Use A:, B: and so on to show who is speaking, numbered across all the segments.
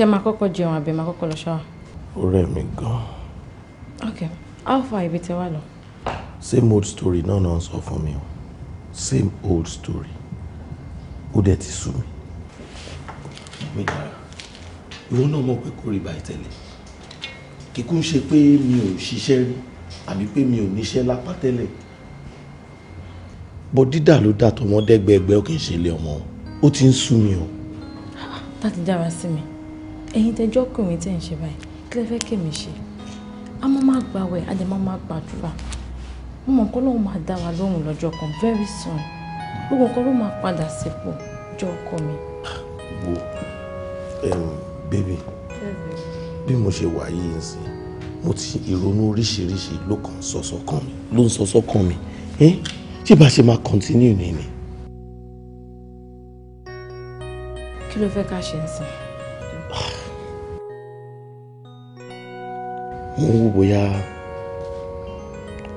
A: ṣé máa kọ́kọ́ jẹun àbí máa kọ́kọ́ lọ ṣọ́wà.
B: ó rẹ̀ mí gan-an.
A: ok how far ibi tẹ wá lọ.
B: same old story náà náà sọ fún mi o same old story ó dẹ̀ ti sú mi. mi dára ìwọ náà mọ̀ pé kò rí báyìí tẹ́lẹ̀ kíkú ń ṣe pé mi ò ṣiṣẹ́ rí àbí pé mi ò níṣẹ́ lápá tẹ́lẹ̀ bọ́ dídà ló dà tó wọ́n dẹ́gbẹ̀ẹ́gbẹ́ ó kì í ṣe ilé ọmọ ó ti ń sú mi o.
A: Ah, láti dára sí mi ẹ̀yin tẹjọ́ ọkùnrin tẹ̀ ń ṣe báyìí kí lẹ fẹ́ kèmí ṣe a mọ́ máa gbàwẹ̀ a dẹ̀ máa máa gbàdúrà mo mọ̀ kọ́ lóun máa dá wa lóhùn lọ́jọ́ kan very soon gbogbo nǹkan ló máa padà sípò jọ ọkọ mi.
B: wo bébì bí mo ṣe wà yìí ń sìn mo ti ìrònú oríṣiríṣi ló kàn sọ́sọ́ kàn mí ló ń sọ́sọ́ kàn mí ṣé bá ṣe máa continue nìyí.
C: kí ló
A: fẹ́ ká ṣe ń sìn.
B: mo ń wò bóyá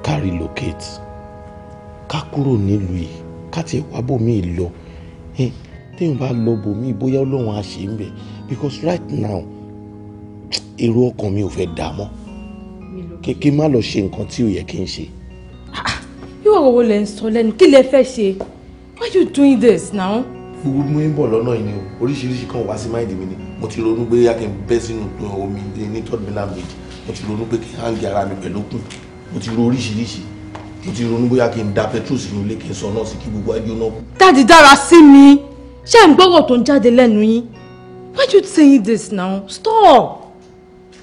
B: ká relocate ká kúrò nílùú yìí ká tiẹ̀ wá bòmíì lọ téèyàn bá lọ bòmíì bóyá ọlọ́run á ṣe ń bẹ̀ because right now èrò ọkàn mi ò fẹ́ dà mọ́ kí n má lọ ṣe nǹkan tí ò yẹ kí n ṣe.
A: yóò ah, rọ̀ wo ń sọ lẹ́nu kí lẹ fẹ́ ṣe why you doing this now.
B: gbogbo mi ń bọ̀ lọ́nà yìí ni oríṣiríṣi kan wá sí máìdì mi ni mo ti ronú pé yá kí n bẹ́ sínú omi ní third mainland bridge mo ti ronú pé kí n hàǹgì ara mi pẹ̀lú kùn mo ti ro oríṣiríṣi mo ti ronú bóyá kí n da petrol sínú ilé kí n sọ náà sí kí gbogbo ajé náà kù.
A: dáàdi dára sí mi ṣé ẹ̀ ń gbọ́rọ̀ tó ń jáde lẹ́nu yín why you saying this now stop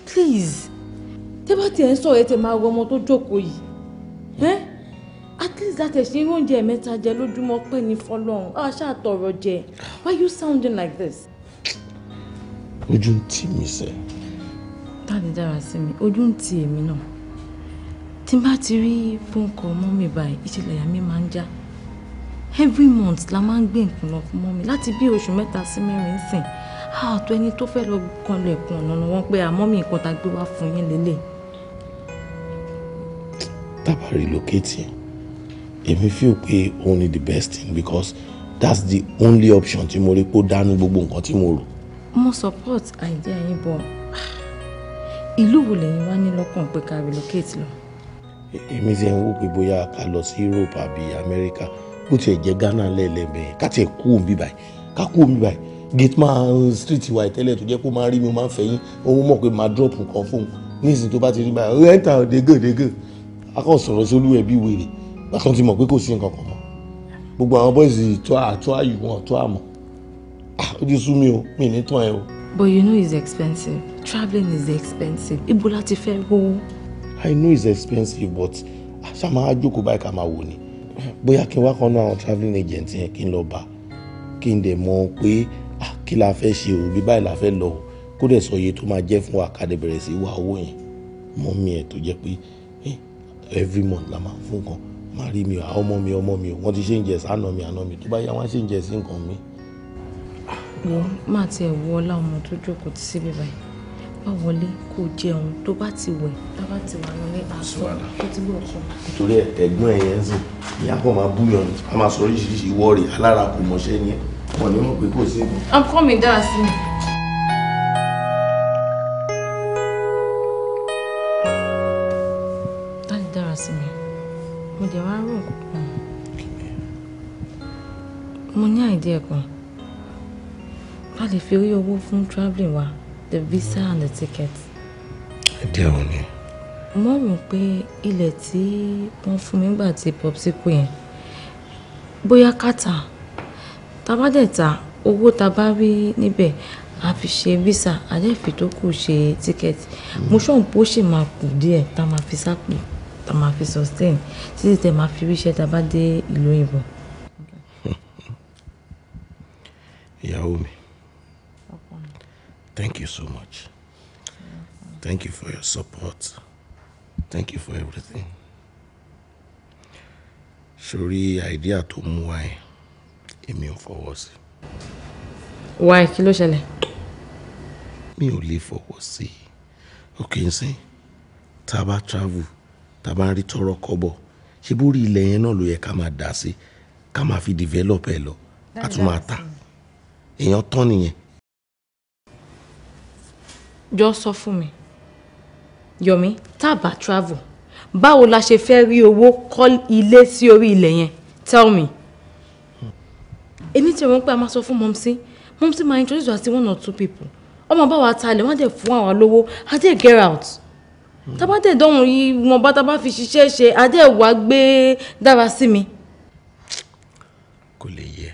A: please tẹ́ bá tiẹ̀ ń sọ̀rọ̀ ẹ tẹ̀ máa rọ ọmọ tó jókòó yìí ẹ́ at least that ẹ̀ ṣe ń oúnjẹ mẹ́ta jẹ lójúmọ́ pẹ́ ní fọlọ́run á ṣáà tọrọ jẹ why you sounding like this.
B: ojú ń tì mí sẹ́ẹ̀
A: tàdé dára sí mi ojú ń ti èmi náà tí n bá ti rí phone call mọ́ mi báyìí ìṣẹ̀lẹ̀yà mi máa ń já every month la máa ń gbé nǹkan lọ fún mọ́ mi láti bí oṣù mẹ́ta sí mẹ́rin sìn àtọ ẹni tó fẹ́ lọ kanlẹ̀ kùn ọ̀nà ni wọ́n pé àmọ́ mi nǹkan tá a gbé wá fún yín lélẹ̀.
B: tábà relocate èmi feel pé òun ni the best thing because that's the only option tí mo rí pé ó dánú gbogbo nǹkan tí mo rò.
A: mo support idea yín bọ̀ ìlú wo lẹ́yìn wá ní lọ́kàn pé ká relocate lọ.
B: èmi ti ń wò pé bóyá ká lọ sí Europe àbí America bó tiẹ̀ jẹ́ Ghana lẹ́lẹ́mẹ̀ ká tiẹ̀ kú òun bíbáyìí ká kú òun bíbáyìí gate man street wa ìtẹ́lẹ̀ tó jẹ́ kó máa rí mi ó máa ń fẹ̀yìn òun mọ̀ pé máa drop nǹkan fóun nísìnyí tó bá ti rí báyìí rẹ́ńtà dégèdégè akọ̀ sọ̀rọ̀ sólú ẹ̀ bí wèrè bákan ti mọ̀ pé kò sí nǹkan kan mọ́ gbogbo àwọn ah, o mi ní tán ẹ
A: But you know it's expensive. Traveling is expensive. Ibo la ti fẹ́
B: rówó. I know it's expensive but àṣà máa jókòó báyìí ká máa wò ni. Bóyá kí n wá kan náà travelling agent yẹn kí n lọ bá kí n dẹ̀ mọ̀ pé la fẹ́ ṣe o bí báyìí la fẹ́ lọ kó dẹ̀ sọ iye tó máa jẹ́ fún wa ká dẹ̀ bẹ̀rẹ̀ sí wá owó yẹn mọ́ mi ẹ̀ tó jẹ́ pé every month la ma fún kan máa rí mi ọmọ mi ọmọ mi wọ́n ti ṣe ń jẹ sànà mi àná mi tó bá yá wọ́n ṣe ń jẹ sí mi
D: wo
A: má ti ẹ̀ wọ ọlá ọmọ tó jókòó ti síbi báyìí wá wọlé kó jẹun tó bá ti wẹ̀ tó bá ti wà lọlé aṣọ tó ti gbọ́ ọ̀kan.
B: nítorí ẹ̀gbọ́n ẹ yẹn sìn ìyá pọ̀ máa búyàn ni a máa sọ oríṣiríṣi wọ́ọ̀rì alára kò mọ̀ṣẹ́ ni ẹ wọn ni wọn pè sí.
A: i'm coming dáa sí i. sí hmm. mo ní àìdí ẹ̀kan lè fi orí owó fún travelling wa the visa and the ticket. ẹdí ẹ̀wọ̀n ni. mo rò pé ilẹ̀ tí wọ́n fún mi nígbà tí popsi kú yẹn bóyá kàtà tabadẹ̀ta owó tá bá rí níbẹ̀ a fi ṣe visa àdẹ́fì tó kù ṣe tíkẹ́ẹ̀tì mo ṣọ́n pé ó ṣì máa kù díẹ̀ tá máa fi sápò tá máa fi sustain títí tẹ̀ máa fi ríṣẹ́ tá a bá dé
B: ìlú òyìnbó. ìyàwó mi Thank you so much. Thank you for your support. Thank you for everything. Sori idea tó mú wá yẹn, èmi ò fọwọ́
A: Why kí ló ṣẹlẹ̀?
B: Mi ò lè fọwọ́ sí. Òkè ń sìn, tá travel, tá a bá ń rí tọrọ kọ́bọ̀, ṣé bórí ilẹ̀ yẹn náà ló yẹ ká máa dà sí, fi develop ẹ lọ, a tún máa tà. Èèyàn tán
A: Just sọ fún mi Yomi tá bá travel báwo la ṣe fẹ́ rí owó kọ́ ilé sí orí ilẹ̀ yẹn tell me. èmi tí wọ́n pé a máa sọ fún mọ́mísí mọ́mísí máa introduce us to one or two people ọmọ bá wa talẹ̀ wọ́n á dẹ̀ fún àwọn lówó á dẹ̀ get out tábà dẹ̀ dọ́hùn yìí wọn bá tábà fi ṣiṣẹ́ ṣe á dẹ̀ wá gbé dára sí mi. kò lè
B: yẹ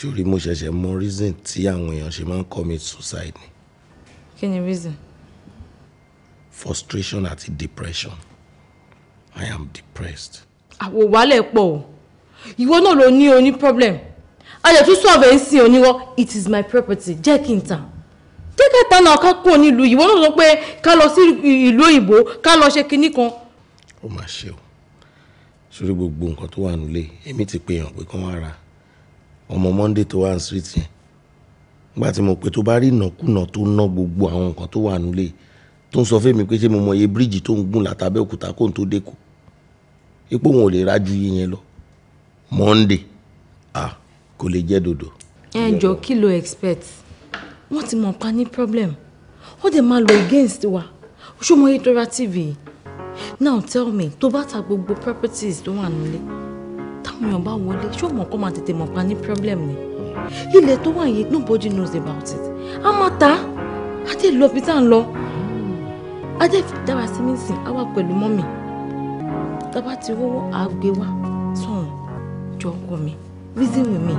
B: sórí mo ṣẹ̀ṣẹ̀ mọ reason tí àwọn èèyàn ṣe máa ń commit suicide ni. kí ni reason. frustration àti depression i am depressed.
A: àwòwálẹ̀ pọ̀ o ìwọ náà ló ní oní problem a lè tún sọ̀rọ̀ ẹ̀ ń sin it is my property jẹ́ kí n tàn jẹ́ ká tán náà ká kúrò nílùú ìwọ náà sọ pé ká lọ sí ìlú òyìnbó ká lọ ṣe kinní kan.
B: ó mà ṣe o sórí gbogbo nǹkan tó wà nílé èmi ti pe èèyàn pé kán wá ra ọmọ Monday tó wà ní street yẹn nígbà tí mo pé tó bá rí ìnákùná tó ná gbogbo àwọn nǹkan tó wà nílé tó ń sọ fẹ́mi pé ṣé mo mọ iye bíríìjì tó ń gùn látàbẹ́ òkúta kó n tó dẹ́kọ̀ ipò wọn ò lè rájú yìí yẹn lọ Monday ah kò lè jẹ́ dòdò.
A: ẹ jọ kí ló expect wọn ti mọ pa ní problem ó dẹ̀ máa lọ against wa ṣó mo yẹ tó ra tv now tell me tó bá ta gbogbo properties tó wà nílé táwọn èèyàn bá wọlé ṣé o mọ̀ kó máa tètè mọ̀ pa ní problem ni ilẹ̀ tó wà yìí nobody knows about it a máa ta á dé lọ bí tá à ń lọ á dé dára sí mi sìn á wà pẹ̀lú mọ́mì tá a bá ti rówó àgbé wa sọ̀rùn jọ ọkọ mi reason with me.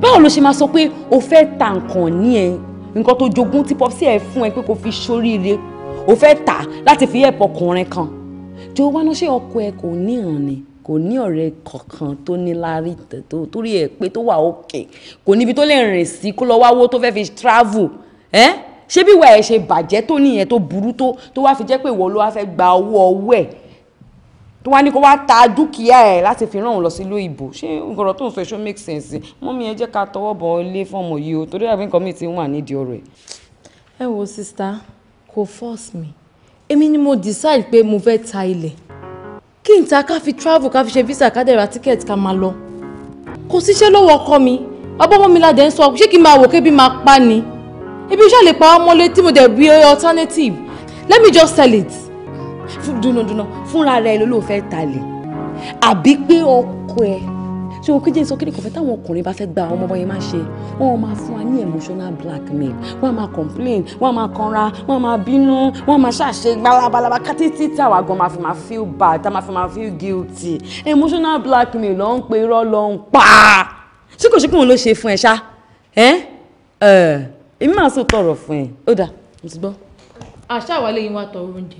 A: báwo ló ṣe máa sọ pé o fẹ́ ta nǹkan ní ẹ nǹkan tó jogún tí pọ́pì sí ẹ fún ẹ pé kò fi ṣoríire o fẹ́ tà láti fi ẹ̀pọ̀ ọkùnrin kan jọ̀wọ́ wá ṣé ọkọ ẹ kò ní ìrànnì kò ní ọ̀rẹ́ kankan tó ní láárí tó torí ẹ̀ pé tó wà òkè kò níbi tó lè rìn sí kó lọ wáwó tó fẹ́ fi travel ẹ́ ṣé bí ìwà ẹ̀ ṣe bàjẹ́ tó nìyẹn tó burú tó tó wá fi jẹ́ pé ìwọ ló wá fẹ́ gba owó ọwọ́ ẹ̀ tó wá ní kó wá ta dúkìá ẹ̀ láti fi ràn òun sí sílùú ìbò ṣé nǹkan tó ń sọ ṣó make sense mọ́mí ẹ jẹ́ ká tọwọ́ bọ̀ ilé fọ́ọ̀mù yìí o torí àbí nǹkan mi ti ń wà nídìí ọ̀rọ̀ ẹ̀. ẹ wo sista kò force mi èmi ni mo decide pé mo fẹ́ ta ilẹ̀ kí n ta ká fi travel ká fi ṣe visa ká dẹ̀ ticket ká máa lọ kò síṣẹ́ lọ́wọ́ ọkọ mi ọbọ̀mọ́ mi ládẹ̀ ń sọ ṣé kí n máa wò kébi máa pa ni ibi iṣẹ́ lè pa wá mọ́lé tí mo dẹ̀ bí alternative let me just sell it dúnadúnà fúnra rẹ̀ ló ló fẹ́ talẹ̀ àbí pé ọkọ ẹ̀ ṣé o kéde sọ kí ni kò fẹ́ táwọn ọkùnrin bá fẹ́ gba àwọn ọmọ yẹn máa ṣe wọ́n máa fún wa ní emotional blackmail wọ́n máa complain wọ́n máa kanra wọ́n máa bínú wọ́n máa ṣàṣe balabalaba kátítí tí àwa gan máa fi máa feel bad tá máa fi máa feel guilty emotional blackmail ló ń pe irọ́ ló ń pa ṣé kò ṣe kí wọn ló ṣe fún ẹ ṣá ẹ ẹ èmi máa sọ tọrọ fún ẹ ó dà mo ti gbọ́. àṣà àwálé yìí wá tọrọ oúnjẹ.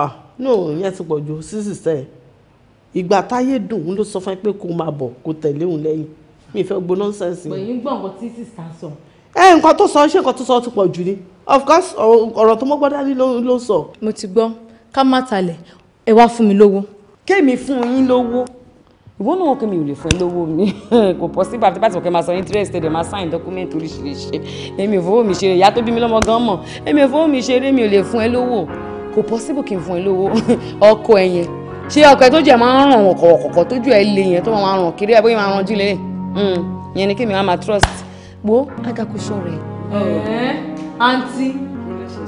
C: ah no ìyẹn ti pọ̀ ju sísì sẹ́yìn ìgbà táyé dùn òun ló sọ fún ẹ pé kó máa bọ̀ kó tẹ̀lé òun lẹ́yìn mi ìfẹ́ gbọ́ nọ́ńsẹ̀nsì. bẹ̀yìn ń gbọ́
A: nǹkan tí sísá sọ.
C: ẹ nǹkan tó sọ ṣé nǹkan tó sọ ti pọ̀ jù ni of course ọ̀rọ̀ tó mọ́ gbọ́dá ní ló
A: ń sọ. mo ti gbọ́ ká má talẹ̀ ẹ wá fún mi lówó. kémi fún yín lówó ìwọ náà wọn kí mi ò lè fún ẹ lówó mi kò possible àti bàtìkọ̀ kẹ́ máa san interest ẹ̀ máa sign document oríṣiríṣi èmi ò fowó mi ṣeré ìyá tó bí mi lọ́mọ gan mọ̀ èmi ò fowó mi ṣeré mi ò lè fún ẹ lówó kò possible kí n fún ẹ lówó ọkọ ẹ yẹn ṣé ọkọ ẹ tó jẹ máa ń ràn wọn kọ̀ọ̀kọ̀kọ̀ tójú ẹ le yẹn tó máa ràn kiri ẹ bóyá máa ràn jílé hmm, yẹn ni kí mi máa máa trust wo
D: adakuso rẹ. ẹ̀ẹ́
A: àǹtí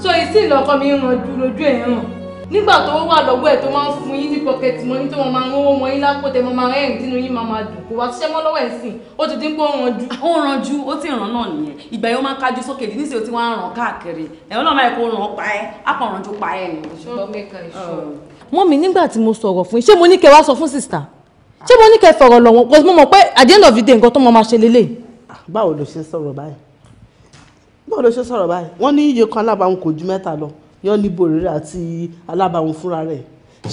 A: so ìsì ìlọ́kọ mi ń ranjú lójú ẹ̀ hàn nígbà tó wà lọ́wọ́ ẹ̀ tó máa ń fún yín ní pocket money tó máa máa ń rówó mọ́ yín lápò tẹ́ máa máa rẹ́rìn dínú yín máa máa dùn kó wá ṣiṣẹ́ mọ́ lọ́wọ́ ẹ̀ sìn ó ti dín pé ó ranjú. ó ranjú ó ti ràn náà nìyẹn ìgbà yóò máa ń kájú sókè dín níṣẹ́ ó ti wá ń ràn káàkiri ẹ̀rọ náà máa kó ràn pa ẹ́ á kàn ranjú pa ẹ̀ ni. ṣùgbọ́n mẹ́ka ìṣòro mọ́mì nígbà tí mo sọ̀rọ̀ fún yín ṣé mo ní kẹ́ wá sọ fún sister ṣé mo ní kẹ́ fọ̀rọ̀ lọ̀ wọ́n because mo mọ̀ pé at the end of the day nǹkan tó mọ máa ṣe lélẹ̀. báwo ló ṣe sọ̀rọ̀
C: báyìí báwo ló ṣe sọ̀rọ̀ báyìí wọ́n ní iye kan alábàáhùn kò ju mẹ́ta lọ yọ ní bòrírà àti alábàáhùn fúnra rẹ̀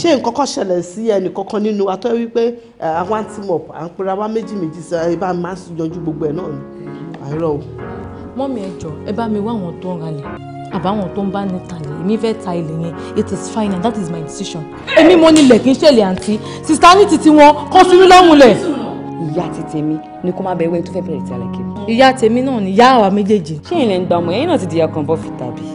C: ṣé nǹkan kan ṣẹlẹ̀ sí ẹnì kankan nínú atọ́ wípé àwọn team up à ń pera wá méjì méjì sí ẹ bá máa yanjú gbogbo o.
A: mọ́mí ẹ jọ ẹ bá mi wá àwọn tó ń ralẹ̀ àbáwọn tó ń bá ní tàlẹ̀ èmi fẹ́ ta ilẹ̀ yẹn it is fine and that is my decision. èmi mo nílẹ̀ kí n ṣẹlẹ̀ àǹtí sista ní titi wọn
D: kọ́ sínú lọ́mùlẹ̀.
A: ìyá ti tèmi ni kó má bẹ wẹ́ẹ́ tó fẹ́ bẹ̀rẹ̀ tẹ́lẹ̀ kiri. ìyá tèmi náà ni ìyá àwa méjèèjì. ṣé ìlẹ̀ ń gba ọmọ ẹ̀yin náà ti di ọkàn bọ́ fi tàbí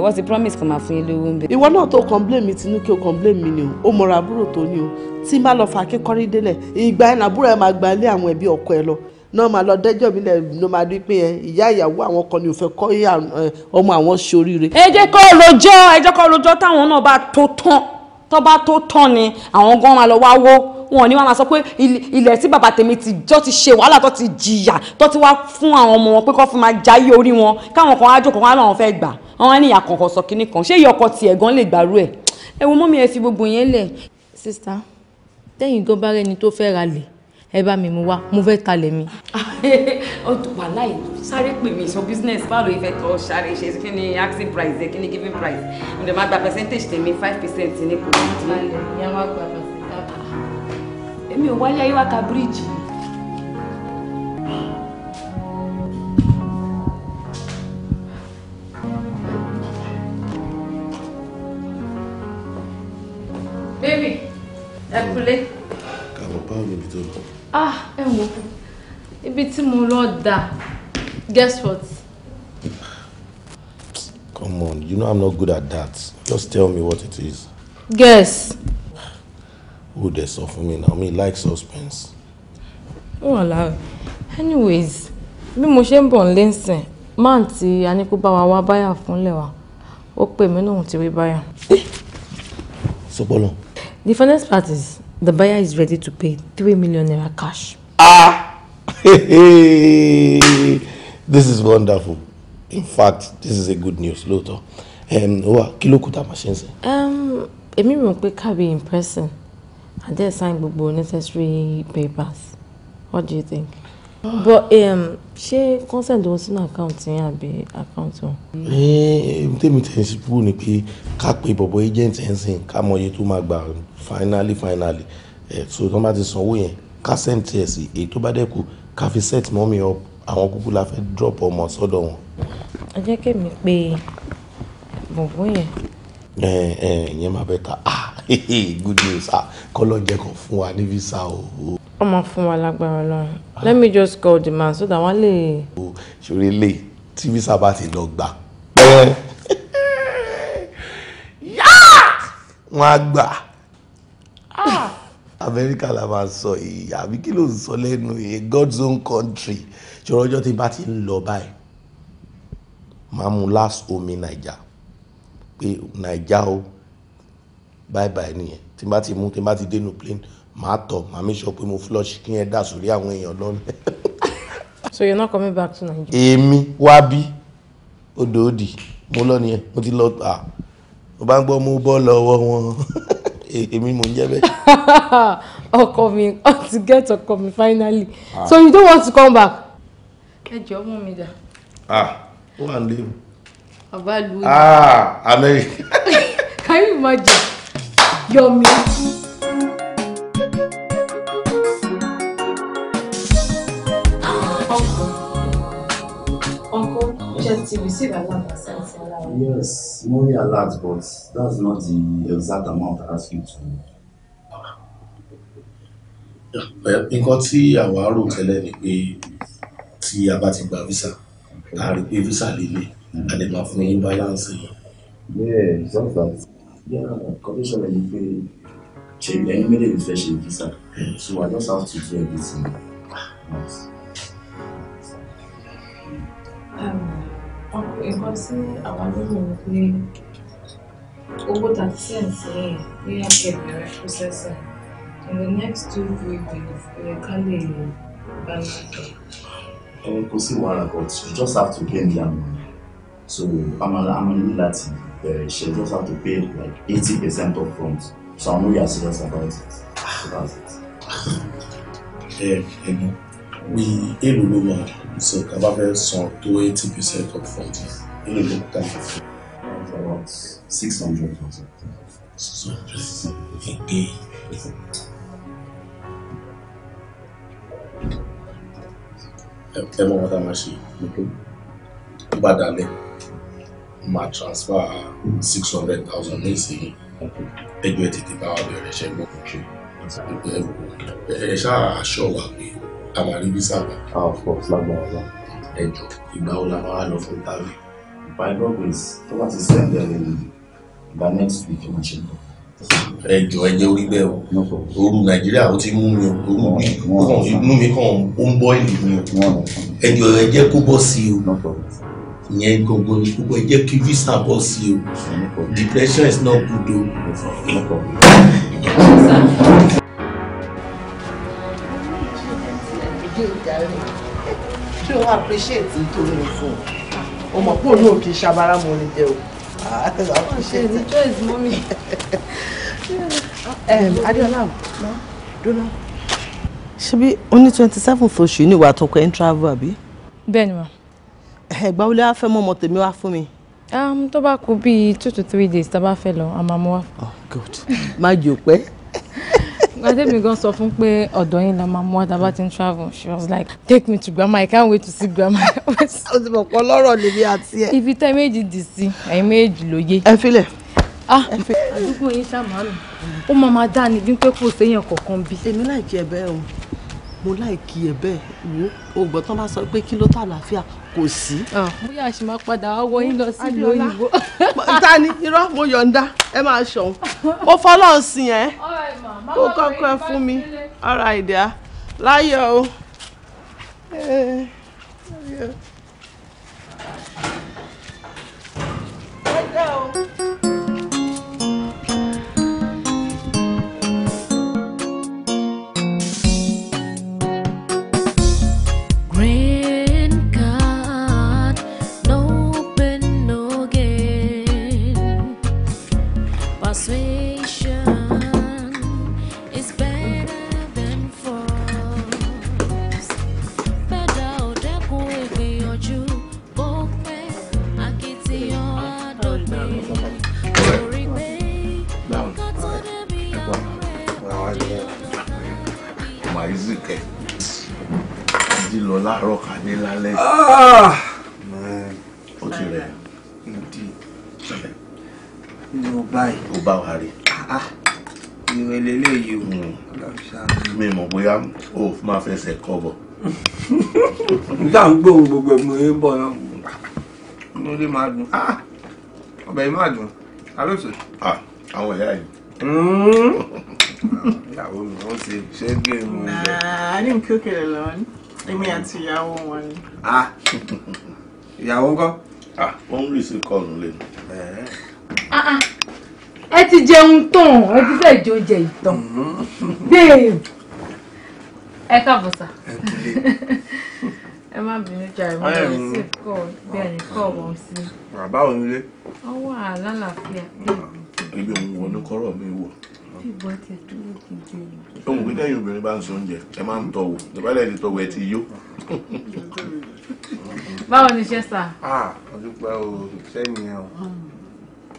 A: wọ́n ti promise kan máa fún yín lówó ń bẹ. ìwọ náà tó complain mi ti kí o complain mi ni o ó mọra àbúrò tó ní o tí n bá lọ fa akẹ́kọ̀ọ́ délẹ̀ ìgbà ẹ̀ nàbúrò ẹ̀ máa gba ilé àwọn ẹbí ọkọ ẹ lọ náà máa lọ dẹ́jọ́ mi lẹ̀ ló máa rí pé ìyá
C: ìyàwó àwọn kan ni ò fẹ́ kọ́ ọmọ àwọn ṣoríire. ẹ
A: jẹ́ kó rojọ́ ẹ jẹ́ kó rojọ́ táwọn náà bá tó tán tó bá tó tán ni àwọn gan máa lọ wá wó wọn ni wọn máa sọ pé ilẹ̀ tí bàbá tèmi ti jọ́ ti ṣe wàhálà tó ti jìyà tó ti wá fún àwọn ọmọ wọn pé kó fi máa jáyé orí wọn káwọn kan á jókòó wọn á láwọn fẹ́ gbà àwọn ènìyàn kọ̀ọ̀kan sọ kínní kan ṣé iye ọkọ tiẹ̀ gan lè gbàrú ẹ̀ ẹ wo mọ́mí ẹ fi gbogbo yẹn lẹ̀. sista tẹ́yìn gan bá rẹni tó fẹ́ ra lè ẹ bá mi mú wá mo fẹ́ talẹ̀ mi. wàhálà yìí sáré pè mí sọ business báwo ló fẹ́ tọ́ sáré ṣe kí ni asking price kí ni giving price mo dẹ̀ máa gba percentage tèmi five percent ní kò ní ti. èmi ò wálé ayé wa ka bíríìjì. Baby, ẹ kúlé.
B: Kàwọ́ báwo ni ibi tó lọ?
A: ah ẹ wo ibi tí mo lọ Da, guess what.
B: come on you know i'm not good at that just tell me what it is. guess. Who dẹ̀ sọ fún mi now me like suspense.
A: Oh wàhálà anyways bí mo ṣe ń bọ̀ ń lé ń sìn máà tí aníkóbáwa wá báyà fúnlẹ̀ wa ó pè mí lóhun ti rí báyà. Eh! sọpọlọ. the finance parties The buyer is ready to pay three million naira cash. Ah!
B: This is wonderful. In fact, this is a good news, lóòótọ́. Wa kí ló kù tá a máa ṣe ń sìn?
A: Um, èmi rò pé kábí in person and then sign gbogbo necessary papers. What do you think? Ah. but um, ṣé consent wọn sínú àkáǹtì yẹn àbí àkáǹtì wọn.
B: Eh, tèmi tẹ̀ ń sìnkú ni pé ká pe bọ̀bọ̀ agent ẹ̀ ń sìn ká mọ iye tó máa gbà finally finally ẹ̀ so tí wọ́n bá ti sanwó yẹn ká sẹ́ǹtì ẹ̀ sí èyí tó bá dẹ̀ kù ká fi set mọ́mí up àwọn kúkú la fẹ́ drop ọmọ sọ́dọ̀ wọn.
A: ẹ jẹ́ kí mi pe bọ̀bọ̀ yẹn.
B: ẹ ẹ ìyẹn máa bẹ ta ah good news ah kọ́lọ́jẹ kan fún wa ní visa o.
A: wọ́n máa fún wa lágbára lọ́run let me just call the man so that wọ́n lè.
B: ṣòro ilé tí visa bá ti lọ gbà wọ́n á gbà. Ah. amẹ́ríkà la máa sọ yìí àbí kí ló ń sọ lẹ́nu yìí God's own country ṣòro ọjọ́ tí bá ti ń lọ báyìí máa mú last omi naija pé naija o bye bye nìyẹn tí bá ti mú tí bá ti dénú plane màá tọ̀ màá mi sọ pé mo flush kí yẹn dà sórí àwọn èèyàn lọ́nà.
A: so you're not coming back to Nigeria.
B: èmi wá bí odò òdì mo lọ nìyẹn mo ti lọ à mo bá ń gbọ́ mo bọ́ lọ́wọ́ wọn. èmi mo ń jẹ́ bẹ́ẹ̀.
A: ọkọ mi i to get ọkọ mi finally ah. so you don't want to come back. ẹ jọ ọmọ mi dà.
B: ah ó wà nílé o.
A: bàbá lu. ah
B: amẹ́ríkà.
A: can you imagine yomi. positive, you say we are allowed Yes, money allowed, but
B: that's not the exact amount I ask you to. Nǹkan tí àwa rò tẹ́lẹ̀ ni pé tí a bá ti gba visa, a rí pé visa lè lè, a lè máa fún yín balance yẹn. Bẹ́ẹ̀ just that.
E: Yeah, condition ẹ̀ ni pé ṣe ẹ̀yin méjèèjì fẹ́ ṣe visa, so I just have to do everything.
A: Um, nǹkan tí àwa lérò ni pé owó thirty cents yẹn ní akẹ́bẹ̀rẹ̀ processing in the next two three days ẹ̀yẹ ká lè balance it.
B: ẹ kò sí wàhálà but you just have to pay me that money so amala amala ní láti bẹ̀rẹ̀ iṣẹ́ just have to pay like eighty percent up front so I'm really serious about it About that's it. ẹ ẹ náà wí èlò ló máa so tá a bá fẹ́ san tó eighty percent up front nínú ìlú tá a fi fún. six hundred thousand. six hundred ẹgbẹ́. ẹ mọ wọn tá a máa ṣe tó bá dalẹ̀ máa transfer six hundred thousand ní ìsinyìí ẹjọ́ ẹ tètè bá wa bẹ̀rẹ̀ ṣẹ́gbọ́n ẹ ṣáà aṣọ wa pé a máa rí visa gbà. of course lágbára wa. ẹ jọ ìgbà wo la máa lọ fún tàbí. by God grace tó bá ti send ẹ lẹ́yìn ìgbà next week máa ṣe lọ. ẹ jọ ẹ jẹ orí bẹ́ẹ̀ o ooru nàìjíríà ó ti mú mi o ooru mi kàn inú mi kàn ó ń bọ́ ìlú mi o ẹ jọ ẹ jẹ kó bọ́ sí i o ìyẹn gbogbo ní gbogbo ẹ jẹ́ kí visa bọ́ sí o depression is not good o.
C: ìdarí ṣé o appreciate
A: nítorí mi fún o mọ̀ pé òun ò kì í ṣabara mo lè jẹ o àtẹ̀lẹ́ ah, appreciate. ṣe ní choice mọ́mí. adéọlá dúró ṣebí o ní twenty seven oṣù ní ìwà àtọkọ ẹ̀ ń travel àbí. bẹ́ẹ̀ni ma. ẹ̀gbọ́n wọlé wàá fẹ́ mọ́ ọmọ tèmi wá fún mi. Um, tó bá kú be two to three days tá a bá a máa oh good My joke, eh? Ademi gan sọ fún pé ọ̀dọ̀ yín la máa mú wa tábà ti ń travel. She was like, take me to grandma, I can't wait to see grandma. O ti mọ̀ pọ̀ lọ́rọ̀ lèmi àti ẹ̀. Ibi tẹ́ méjì dì sí, ẹ̀yin méjì ló yé. Ẹ filẹ̀. Ah, àdúgbò yín ṣàmánù. Ó máa máa dá ni bí pé kò séèyàn kọ̀ọ̀kan bí. Èmi láì kí ẹ bẹ́ẹ̀ o, mo láì kí ẹ bẹ́ẹ̀. Ògbọ́n tán bá sọ pé kí ló tà láfíà, kò sí. Ah, bóyá àṣì máa padà wọ yín lọ sí ìlú òyìnbó. ta ni irọ́ mo yọ̀ǹda ẹ máa ṣọ̀hún mo fọlọ́ sìn ẹ́ kó kọ́kọ́ ẹ fún mi ara
C: ìdá láyọ̀ o.
F: Let's go.
B: lọ láàárọ̀ ká dé lálẹ́. Ah! ó ti rẹ̀ ní o báyìí. o bá wa rí. ìwé ah, ah. lélẹ́yìí o. Hmm. mi mọ̀ bóyá o máa fẹsẹ̀ kọ́ bọ̀. nígbà ń gbóhùn gbogbo ẹ̀gbọ́n yín
G: bọ̀ náà mo lè máa dùn ọbẹ̀ yìí máa dùn alóòsè. àwọn ìyá yìí. Hmm. ìyàwó mi wọ́n ṣe ṣẹ́gbẹ́
B: mu.
F: ní n kí lọ́wọ́ ni èmi àti ìyàwó wọn ni.
B: Ah. ìyàwó ńkọ́. ó ah, ń rìsí kọlù lé.
A: ẹ ti jẹun tán ẹ ti fẹ́ jó jẹ ìtàn. babe ẹ káàbọ̀ sà ẹ má bínú jàre mo lè sí kọ bẹ́ẹ̀ kọ wọn sí.
B: bàbá òun lé.
A: ọwọ́ àlàáfíà.
B: ibi òun wọnú kọ́rọ̀ mi wọ̀ ohun pé tẹ́yìn obìnrin bá ń sọ oúnjẹ ẹ máa ń tọ̀ wò ìbálẹ̀ ti tọ̀ wò ẹ ti yó.
A: báwo ni iṣẹ́ sà.
B: ọdúpẹ́ o sẹ́yìn ẹ̀ o.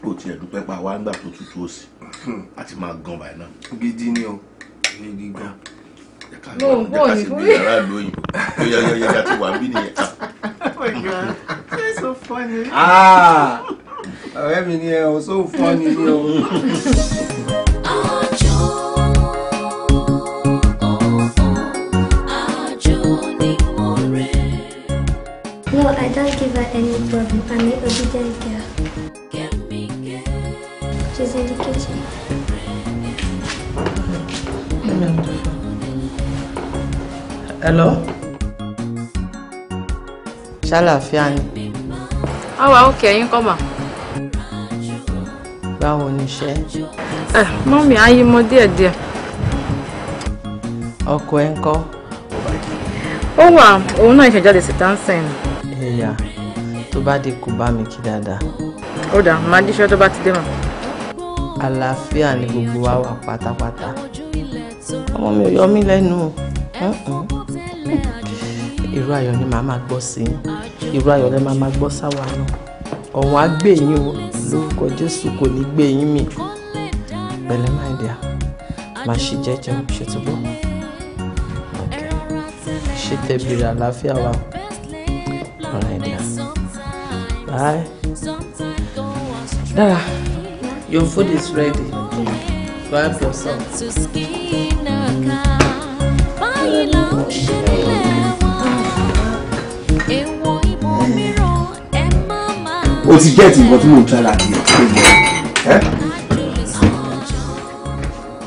B: ó tiẹ̀ dúpẹ́ pa wá nígbà tó tutù òsì àti máa gan báyìí náà. gidi ni o gidi gan.
A: lóun kò fún mi. yàrá
B: lóyìnbó yóò yọ yẹ ká ti wà bí nìyẹn.
F: Oh so funny.
G: ọ̀rẹ́ mi ni ẹ̀ ọ́ so funny
F: ni o.
D: I don't give her any problem. I'm an obedient girl.
H: She's in the kitchen.
A: Hello? Ṣàlàáfíà ni. Àwa òkè yín kọ́ mà. Báwo ni iṣẹ́? Ẹ mọ́mí ayé mọ díẹ̀díẹ̀. Ọkọ ẹ ń kọ́. Ó oh, wà òun náà ìṣèjáde sí táǹsìn ìyá tó bá dé kó bá mi kí dáadáa. ó dà má díṣẹ́ tó bá ti dé mọ̀. àlàáfíà ni gbogbo wa wà pátápátá ọmọ mi ò yọ mí lẹ́nu irú ayọ̀ ni màá máa gbọ́ sí i irú ayọ̀ ni màá máa gbọ́ sáwa náà ọ̀hún á gbé yín o lórúkọ Jésù kò ní gbé mi pẹ̀lẹ́ máa dì á máa ṣe jẹ́jẹ́ ṣètúbọ̀ ṣètẹ̀bìrì àlàáfíà wa. All right, Bye. Dara, your food is ready. Grab yourself.
G: o ti gẹ́ẹ̀tì nǹkan tí mò ń tọ́ ara mi ọ̀tún lọ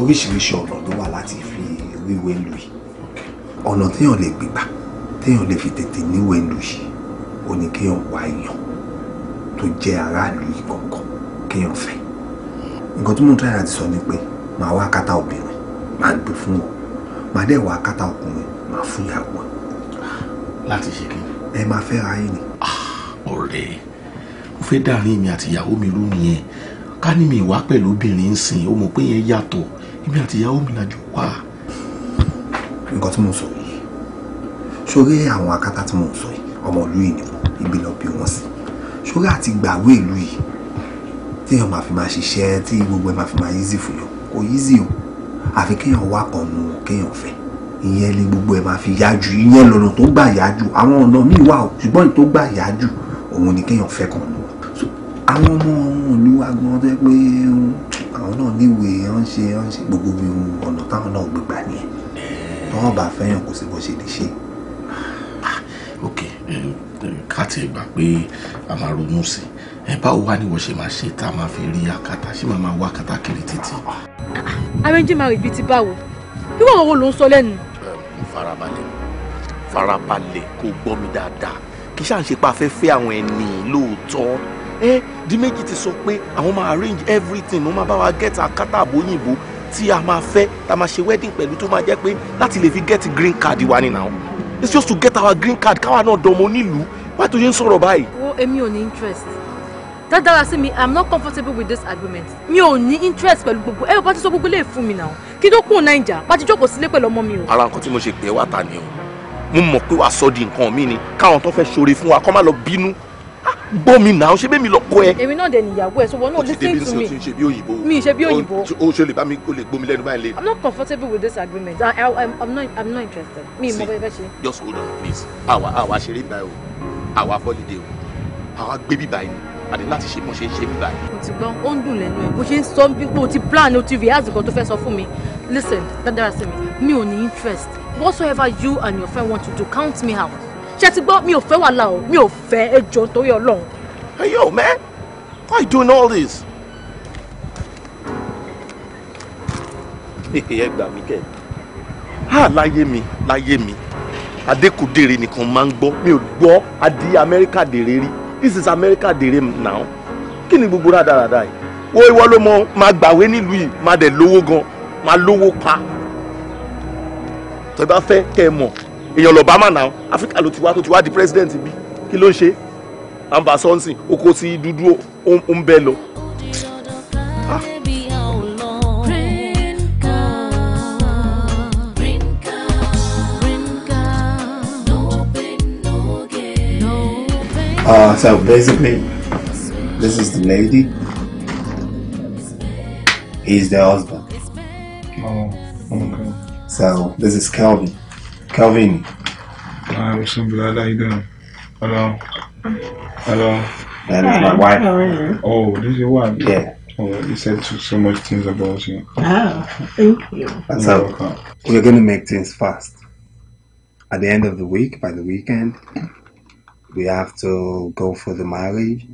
G: oríṣiríṣi ọ̀nà ló wà láti fi wíwé lu yìí ọ̀nà téèyàn lè gbégbá téèyàn lè fi tètè níwèé lu yìí ni kéèyàn wá èèyàn tó jẹ́ aráàlú yìí kọ̀ọ̀kan kéèyàn fẹ́ nǹkan tí mo ń tàyà ti sọ ni pé màá wá kátà obìnrin màá gbé fún wọn màá
B: dẹ̀ wá kátà ọkùnrin màá fún ìyàwó ẹ̀. láti ṣe kí. ẹ máa fẹ́ ra yín ni. Ah, ọ̀rẹ́ mo fẹ́ dáàrin mi àti ìyàwó mi rú nìyẹn ká ní mi ìwà pẹ̀lú obìnrin ń o ó mọ̀ pé yẹn yàtọ̀ èmi àti ìyàwó mi làjọ wà. nǹkan tí mo sọ yìí sórí àwọn akátá tí mo sọ yìí ọmọ ìlú yìí ni
G: wọ́n ibi lọ bí wọ́n sí ṣóra àti gbàwé ìlú yìí téèyàn máa fi máa ṣiṣẹ́ tí gbogbo ẹ̀ máa fi máa yízì fún yàn kò yízì o àfi kéèyàn wá kan nu kéèyàn fẹ́ ìyẹn ni gbogbo ẹ̀ máa fi yájú ìyẹn lọ́nà tó gbà yájú àwọn ọ̀nà míì wà o ṣùgbọ́n tó gbà yájú òun ni kéèyàn fẹ́ kan nu àwọn ọmọ ìlú wa gan tó yẹ pé àwọn náà níwèé ọ̀ ń ṣe ọ̀ ń ṣe gbogbo ọ̀nà táwọn náà gbégbá nìyẹn
B: tọ́wọ́ bá fẹ́yàn kò sí bó ṣe lè ṣe káàtì ẹgbà pé a máa ronú sí ẹ báwo wá ni wọ́n ṣe máa ṣe tá a máa fi rí akata ṣé màá máa wá akata kiri títì.
A: arẹ́njì máa rí ibi tí báwo irú àwọn wo ló ń sọ lẹ́nu.
B: farabalẹ̀ farabalẹ̀ kó gbọ́ mi dáadáa kì í ṣàǹṣe afẹ́fẹ́ àwọn ẹni lóòótọ́ ẹ di méjì ti sọ pé àwọn máa arrange everything wọ́n máa bá wa get akata àbóyìnbó tí a máa fẹ́ tá a máa ṣe wedding pẹ̀lú tó máa jẹ́ pé láti lè fi get green card wa ni náà it's just to get our green card káwa náà dọmọ nílùú why do you ń sọ̀rọ̀ báyìí.
A: wo èmi ò ní interest dáadáa say me. i'm not comfortable with this agreement mi ò ní interest pẹ̀lú gbogbo ẹ ò bá ti sọ gbogbo lè fún mi náà kí ló kún naija bá ti jókòó sílé pẹ̀lú ọmọ mi o.
B: ara nǹkan tí mo ṣe pè é wá ta ni o mo mọ̀ pé wàá sọ di nǹkan mi ni káwọn tó fẹ́ ṣoore fún wa kó má lọ bínú gbọ́ mi náà ṣé bẹ́ẹ̀ mi lọ kọ́ ẹ.
A: èmi náà dẹ̀ níyàwó ẹ̀ so wọn náà listen to me. o ti
B: débi ṣe bí òyìnbó. mi ṣe bí òyìnbó. o ṣe lè bá mi o lè gbómi lẹ́nu báyìí lè. i'm
A: not comfortable with this agreement i i'm, I'm not i'm not interested. mi mọ bẹ́ẹ̀ bẹ́ẹ̀ ṣe.
B: just hold on please àwa àwa ṣeré bíbá o àwa holiday o àwa gbé bíbá yìí àti láti ṣe bó ṣe ń ṣe bíbá yìí. mo
A: ti gbọ́ ó ń dùn lẹ́nu ẹ̀ bó ṣe ń sọ bí o ti plan o ti rehearse nǹkan tó fẹ́ sọ fún mi listen dáadáa sí mi mi ò ní interest Whatever you and your friend want to do count me out ṣe ti gbọ́ mi ò fẹ́ wàhálà o mi ò
C: fẹ́ ẹjọ́ torí ọlọ́run. hey yo man why you doing all this.
B: ẹ gbà mí kẹ́ ha láyé mi láyé mi adékùdèrè nìkan máa ń gbọ́ mi ò gbọ́ adi amẹ́ríkà dèrè rí this is amẹ́ríkà dèrè now kí ni gbogbo rádaràda yìí wo ìwọ ló mọ máa gbàwé nílùú yìí máa dẹ̀ lówó gan máa lówó pa tọ́ ẹ bá fẹ́ kẹ́ ẹ mọ̀ èèyàn l'Obama náà Áfíríkà ló ti wá tó ti wá di president bí kí ló ń ṣe àǹbà sọ́nsìn oko ti dúdú ó ń bẹ lọ.
G: Uh, so basically, this is the lady. He's the husband. Oh, okay. So this is
I: Kelvin. Calvin. Uh, what's up, blood? How you doing? Hello. Hello. That is my wife. Oh, this is your wife? Yeah. Oh, you said so much things about you.
F: Oh, thank you. That's how welcome.
I: we're going to make things
G: fast. At the end of the week, by the weekend, we have to go for the marriage.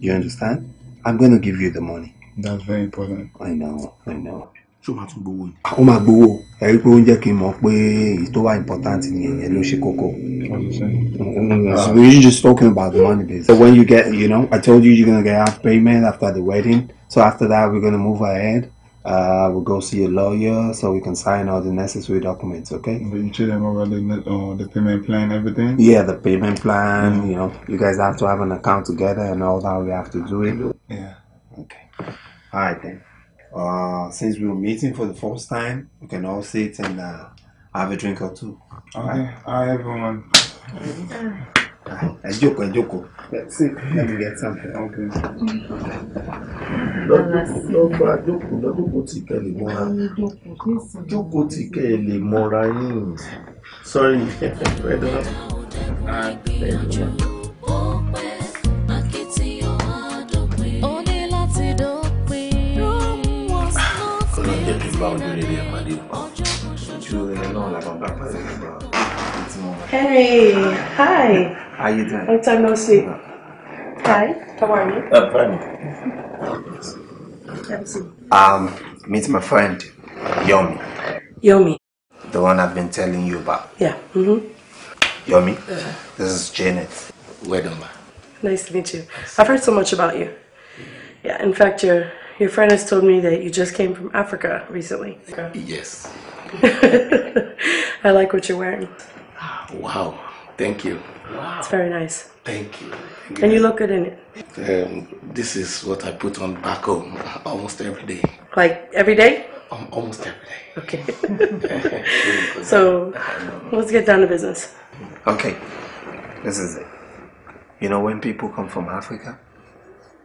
G: You understand? I'm going to give you the money. That's very important. I know, I know tó máa tún gbowó ni. ó máa gbowó ẹ rí pé jẹ́ kí mọ̀ pé tó wà important ni ìyẹn ló ṣe kókó. so we just talking about the money base. so when you get you know I told you you're gonna get half payment after the wedding so after that we're gonna move ahead. Uh, we'll go see a lawyer so we can sign all the necessary documents, okay?
I: But you should them about the, uh,
G: the payment plan, everything? Yeah, the payment plan, you know, you guys have to have an account together and all that, we have to do it. Yeah. Okay. All right then. Uh, since we were meeting for the first time, we can all sit and uh, have a drink or two. Okay. hi right, everyone. Let's joke,
B: let's joke. Let's see. Let me get something. Okay. Lọ́gbà jókòó lọ́dúnkò tí kẹ́ lè mọ́ra. Jókòó tí kẹ́ lè mọ́ra yín. Sorry, pẹ̀lú.
D: báwo ló lè lè
G: pàdé
H: hey hi
G: how you doing. long
H: time no see. hi how are you. I'm uh, fine.
G: um, meet my friend Yomi. Yomi. The one I've been telling you about.
H: Yeah. Mm-hmm. Yomi. Uh,
G: this is Janet.
B: Wedumba.
H: Nice to meet you. I've heard so much about you. Yeah, in fact, you're your friend has told me that you just came from Africa recently. Yes. I like what you're wearing.
B: Ah, wow. Thank you.
H: Wow. It's very nice. Thank you. Thank and you look good in
B: it. Um, this is what I put on back home almost every day.
H: Like every day?
B: Um, almost every day.
H: Okay. so let's get down to business.
G: Okay. This is it. You know, when people come from Africa,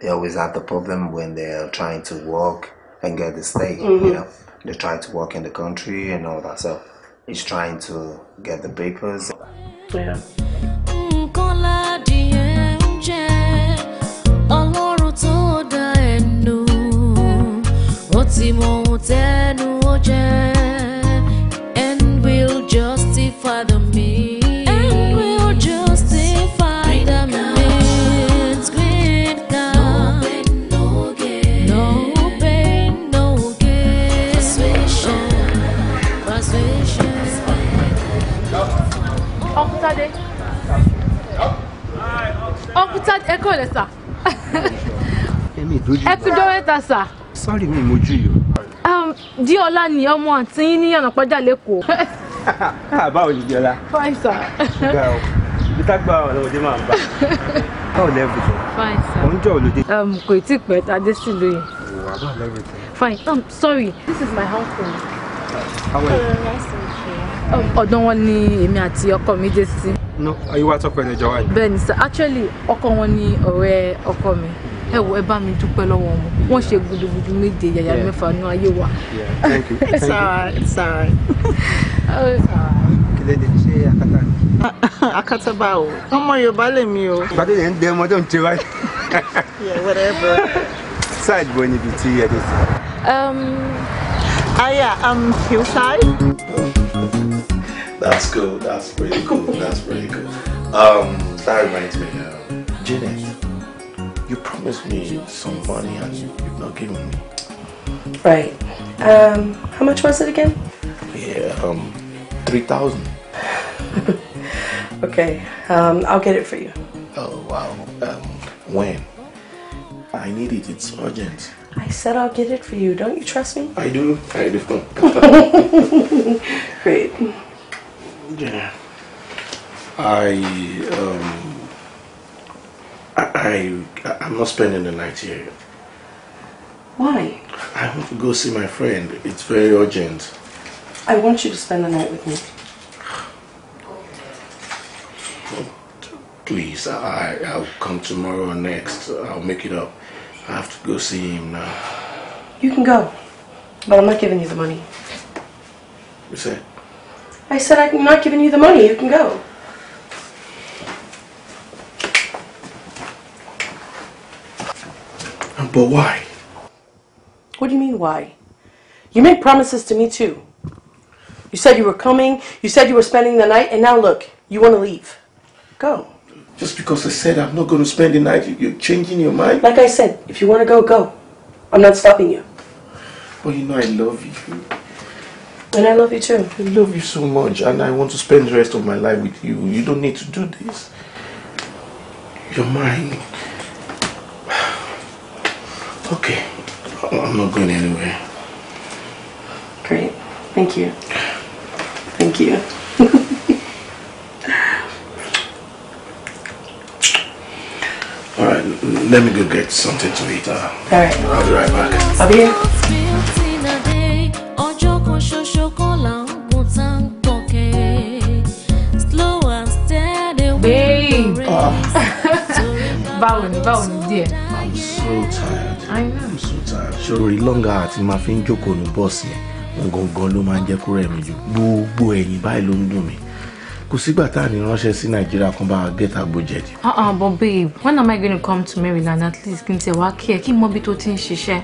G: they always have the problem when they're trying to work and get the stay. Mm-hmm. You know, they try to work in the country and all that. So it's trying to get the papers.
D: Yeah. and will justify the means. Tade.
A: Uncle Tade, ẹ kọ́ sir. sà.
J: Ẹ kú dọ́rẹ́ta sà. Sọ́rí mi mojú yìí o.
A: Um, Díọ́lá ni ọmọ àǹtí yín ní ọ̀nà pọ́jà lẹ́kọ̀ọ́.
J: Báwo ni Díọ́lá? Fine sà. Ṣùgbọ́n o, ibi tá gbà ọ̀nà òde máa ń bá. Báwo lẹ́bù jọ? Fine sà. Oúnjẹ ò lóde.
A: Um, kò tí ì pẹ́ Tade sí lóye.
J: Wà á bá lẹ́bù jọ.
A: Fine, I'm um, sorry, this is my uncle.
J: How are you? Uh,
K: nice to meet you
A: ọ̀dọ̀ wọn ni èmi àti ọkọ mi dé sí.
J: no àyíwá tọkọ ẹni jọ wáyé.
A: bẹ́ẹ̀ni sir actually ọkọ wọn ni ọ̀rẹ́ ọkọ mi ẹ wo ẹ bá mi dúpẹ́ lọ́wọ́ wọn wọ́n ṣe gudugudu
F: méje yàyà mẹ́fà ní ayé wa. thank you thank you. it's alright it's alright. Oh,
J: kílẹ̀ dèbí ṣe akátá ni.
F: akátá báwo ọmọ Yorùbá lèmi o.
J: gbàdúrà yẹn ń dẹ ọmọ tó ń ṣe wáyé.
F: yeah whatever.
J: side bo níbi tí ẹ dé sí.
F: Um, I am hillside.
B: That's cool. That's really cool. That's really cool. Um, that reminds me, uh, Janet, you promised me some money and you, you've not given me. Right.
H: Um, how much was it again?
B: Yeah, um, 3,000.
H: okay, um, I'll get it for you. Oh, wow. Um,
B: when? I need it, it's urgent.
H: I said I'll get it for you. Don't you trust me?
B: I do, I do. Great. Yeah. I um I, I I'm not spending the night here. Why? I want to go see my friend. It's very urgent.
H: I want you to spend the night with me.
B: Please, I, I'll come tomorrow or next. I'll make it up. I have to go see him now.
H: You can go, but I'm not giving you the money. What's that? I said, I'm not giving you the money. You can go. But why? What do you mean, why? You made promises to me, too. You said you were coming, you said you were spending the night, and now look, you want to leave. Go.
B: Just because I said I'm not going to spend the night, you're changing your mind? Like I said, if you want to go, go. I'm not stopping you. Oh, you know I love you. And I love you too. I love you so much, and I want to spend the rest of my life with you. You don't need to do this. You're mine. Okay. I'm not going anywhere. Great. Thank you. Thank you. All right, let me go get something to eat. Uh, All right. I'll be right back. I'll
D: be here. báwo ni báwo ni i'm so tired. i'm so tired. ṣòro
B: yìí lọ́ngà àti máa fi ń jókòó ní bọ́ọ̀sì yẹn gangan ló máa ń jẹ́ kúrò ẹ̀mí jù gbogbo ẹ̀yìn báyìí ló ń dùn mí kò sígbà tá à ní ránṣẹ́ sí nàìjíríà kan bá gẹ́tà gbòjẹ̀dì.
A: Uh-uh, but babe when am i gonna come to maryland at least kí n tẹ̀ wá kí ẹ kí n mọ bí tó ti ń ṣiṣẹ́.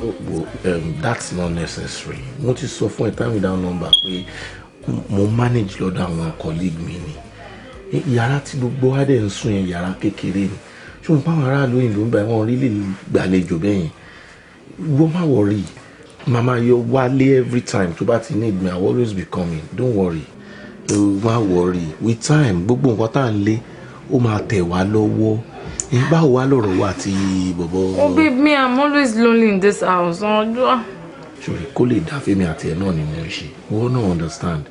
B: Oh, well, um, that's not necessary. Mo ti sọ fún ẹ time without number pé mo manage lọ́dọ̀ àwọn colleague mi ni. Yàrá tí gbogbo wa dẹ̀ ń sùn yẹn yàrá kékeré ni. Ṣùgbọ́n báwọn aráàlú òyìnbó ń bá wọn rí lè gbàlejò bẹ́ẹ̀ yẹn. Wọ́n má worry. Màmá yọ wálé every time tó bá ti need me, I will always be coming. Don't worry. Má worry. With time, gbogbo nǹkan tá à ń lé, ó máa tẹ̀ wá lọ́wọ́ ẹ eh, báwo wá lọ̀rọ̀ wa àti bọ̀bọ̀. oh babe
A: me i'm always lonely in this house ọjọ́.
B: sori kó lè dá fẹ́mi àti ẹ̀ náà ni mo ń ṣe wọ́n náà understand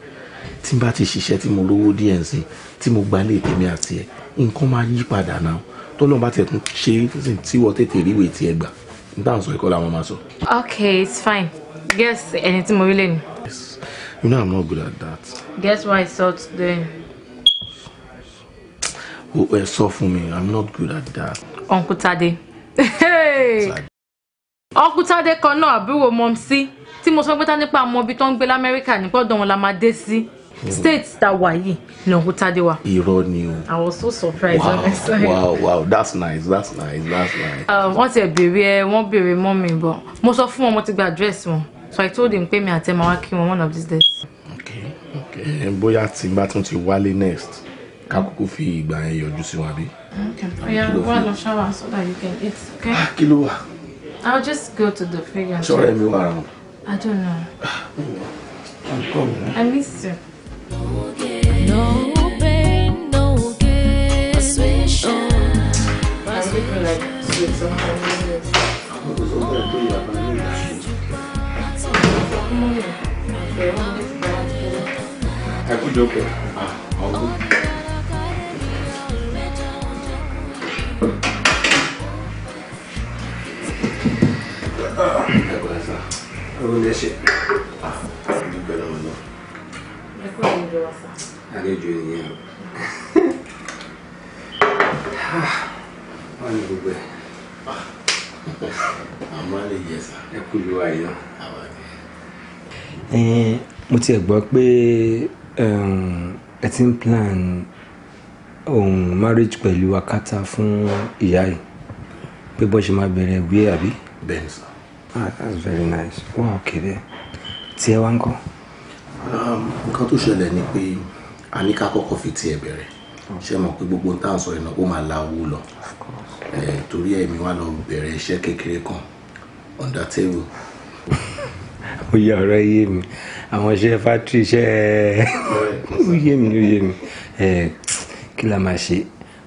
B: tí n bá ti ṣiṣẹ́ tí mo lówó díẹ̀ ń sìn tí mo gbalé èmi àti ẹ̀ nǹkan máa yí padà náà tọ́lọ́n bá tẹ̀kún ṣe tí wọ́n tètè rí ìwé tiẹ̀ gbà n bá ń sọ ẹ̀kọ́ làwọn máa sọ.
A: okay it's fine guess ẹni tí mo rí lẹ́nu.
B: you know i'm not good at that.
A: guess why i saw today
B: ó ẹ sọ fún mi i'm not good at that.
A: uncle Tade uncle Tade kan náà àbúrò mọ́ sí tí mo sọ pé ta nípa àwọn ibi tó ń gbé lamẹ́ríkà ní pọ́dọ̀ wọn la máa dé sí hmm. state ta wà yìí ni uncle Tade
B: irọ́ ni o.
A: i was so surprised wow, when i saw him. wow
B: wow that's nice that's nice that's nice.
A: Um, wọ́n ti ẹ̀ béèrè ẹ wọ́n béèrè mọ́ mi bọ̀ mo sọ fún wọn mo ti gba address wọn so i told him pé mi àti ẹ máa wá kí wọn one of these days. okay
B: okay bóyá tí n bá tún ti wálé next ká kúkú fi ìgbà yẹn yọjú sí wa bí.
A: Oh, shower so that you can eat okay. Ah, kí ló wà. I'll just go to the figure. sọ̀rọ̀ ẹ̀mí wà rán. I don't know.
D: I'm ah, coming. I miss you. No pain, no gain. I wish I could like sweet something. I could joke. Ah, I'll go.
J: Ọ̀rọ̀ lè ṣe. Dúpẹ́ lọ́wọ́ lọ. Ẹ̀kọ́ àlejò wa sá. Àlejò nìyẹn o. Wọ́n ní gbogbo ẹ̀. Àmọ́ lè yẹ sá. Ẹ kú lu àyè náà. gbọ́ pé um, ẹ ti ń plan ohun marriage pẹ̀lú Akata fún ìyá yìí pé bọ́ ṣe máa bẹ̀rẹ̀ ìwé àbí. Bẹ́ẹ̀ni sá ah that's very nice wow, okay there tiẹ̀ wá ń kọ́.
B: Um, nǹkan tó ṣẹlẹ̀ ni pé a ní ká kọ́kọ́ fi tiẹ̀ bẹ̀rẹ̀ ṣe mọ̀ pé gbogbo ń tàn sọ yẹn náà ó máa la owó lọ torí ẹ̀mí wa lọ bẹ̀rẹ̀
J: iṣẹ́ kékeré kan under table. ó yẹ ọ̀rọ̀ yé mi àwọn iṣẹ́ fátírì iṣẹ́ ó yé mi ó yé mi kí la máa ṣe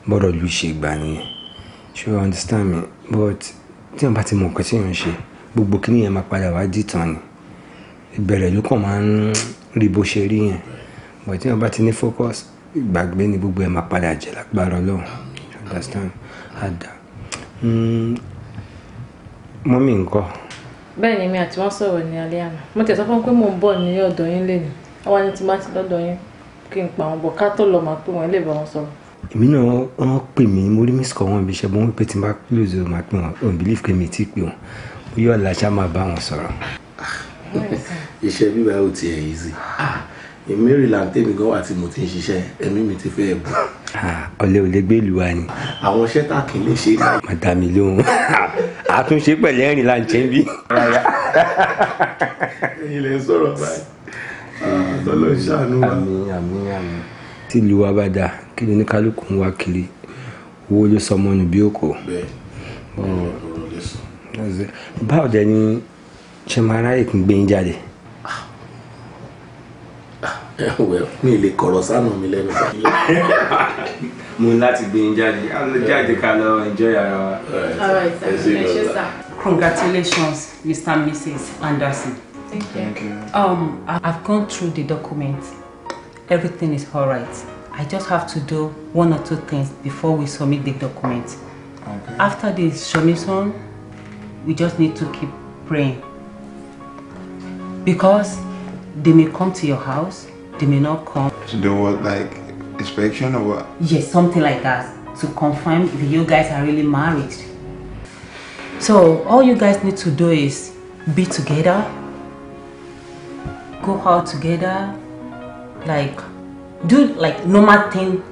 J: bọ́dọ̀ lu ṣe gbà nìyẹn ṣé o understand me but tí wọn bá ti mọ nǹkan tí wọn ṣe gbogbo kí nìyẹn máa padà wá dìtàn ni ìbẹ̀rẹ̀ ló kàn máa ń rí bó ṣe rí yẹn bọ̀ tí wọ́n bá ti ní focus ìgbàgbé ni gbogbo ẹ̀ máa padà jẹ́ lágbára ọlọ́run understand ada mọ́mí hmm. nǹkan.
A: bẹ́ẹ̀ ni mi àti wọ́n sọ̀rọ̀ ní alẹ́ àná mo tẹ̀ fún pé mò ń bọ̀ ní ọ̀dọ̀ yín lẹ́nu àwa ni tí má ti lọ́dọ̀ yín kí n pa àwọn bọ̀ ká tó lọ máa pé wọn lè bá wọn
B: sọ̀rọ̀.
J: èmi náà wọ́n pè mí mo rí miss kọ́ wọn ibi iṣẹ́ bọ́n wípé tí n bá lóòzó máa pè wọn òun believe pé mi ti pè wọn bóyá ọ̀la ṣá máa bá wọn sọ̀rọ̀.
B: iṣẹ́ bíbá ò tiẹ̀ yìí sí ah, Maryland tèmi gan wà tí mo ti ń ṣiṣẹ́ ẹ̀mí mi ti fẹ́ bù.
J: Ah, ọ̀lẹ́ ò lè gbé ìlú wa ni. àwọn iṣẹ́ tá a kì í lè ṣe. màdàmí lóhùn àtúnṣe pẹ̀lú ẹ̀rìn là ń ṣe bí. ẹ̀yin lè sọ̀rọ̀ báyìí ah, lọ́lọ́ ìṣàánú wa. àmín àmín àmín. tí ìlú wa bá dáa kí ni oníkálukú ń wá kiri owó ló sọ ọmọ nù bí òkò. bẹ́ẹ̀ báwo dẹ ni ṣe máa ráyè kún gbé yín jáde. mi lè kọ̀rọ̀ sánú mi lẹ́nu. mo ní láti gbé yín jáde jáde ká lọ enjoy ara wa.
K: congratulations mr and mrs anderson. Thank you. Um, I've gone through the documents. Everything is all right. I just have to do one or two things before we submit the document. Okay. After the submission, we just need to keep praying. Because they may come to your house, they may not come. So do what, like inspection or what? Yes, something like that. To confirm that you guys are really married. So all you guys need to do is be together, go out together, like do like normal thing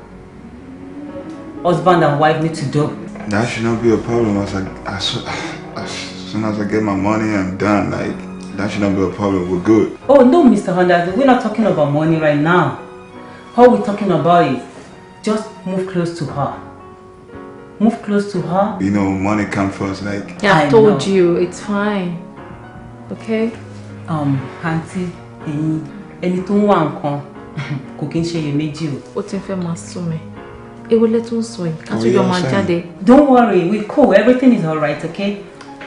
K: husband and wife need to do.
I: That should not be a problem as I, as, as soon as I get my money, I'm done. Like, that should not be a problem. We're good.
K: Oh, no, Mr. Honda. We're not talking about money right now. All we're talking about is just move close to her. Move close to her.
I: You know, money comes first. Like,
K: yeah, I, I told know. you. It's fine. Okay? Um, Auntie, any any ń wá nǹkan kò kí ń ṣe What if ó ti ń fẹ́ máa sún mi ewu lẹ́tún sọ yìí oh, don't worry we cool everything is alright okay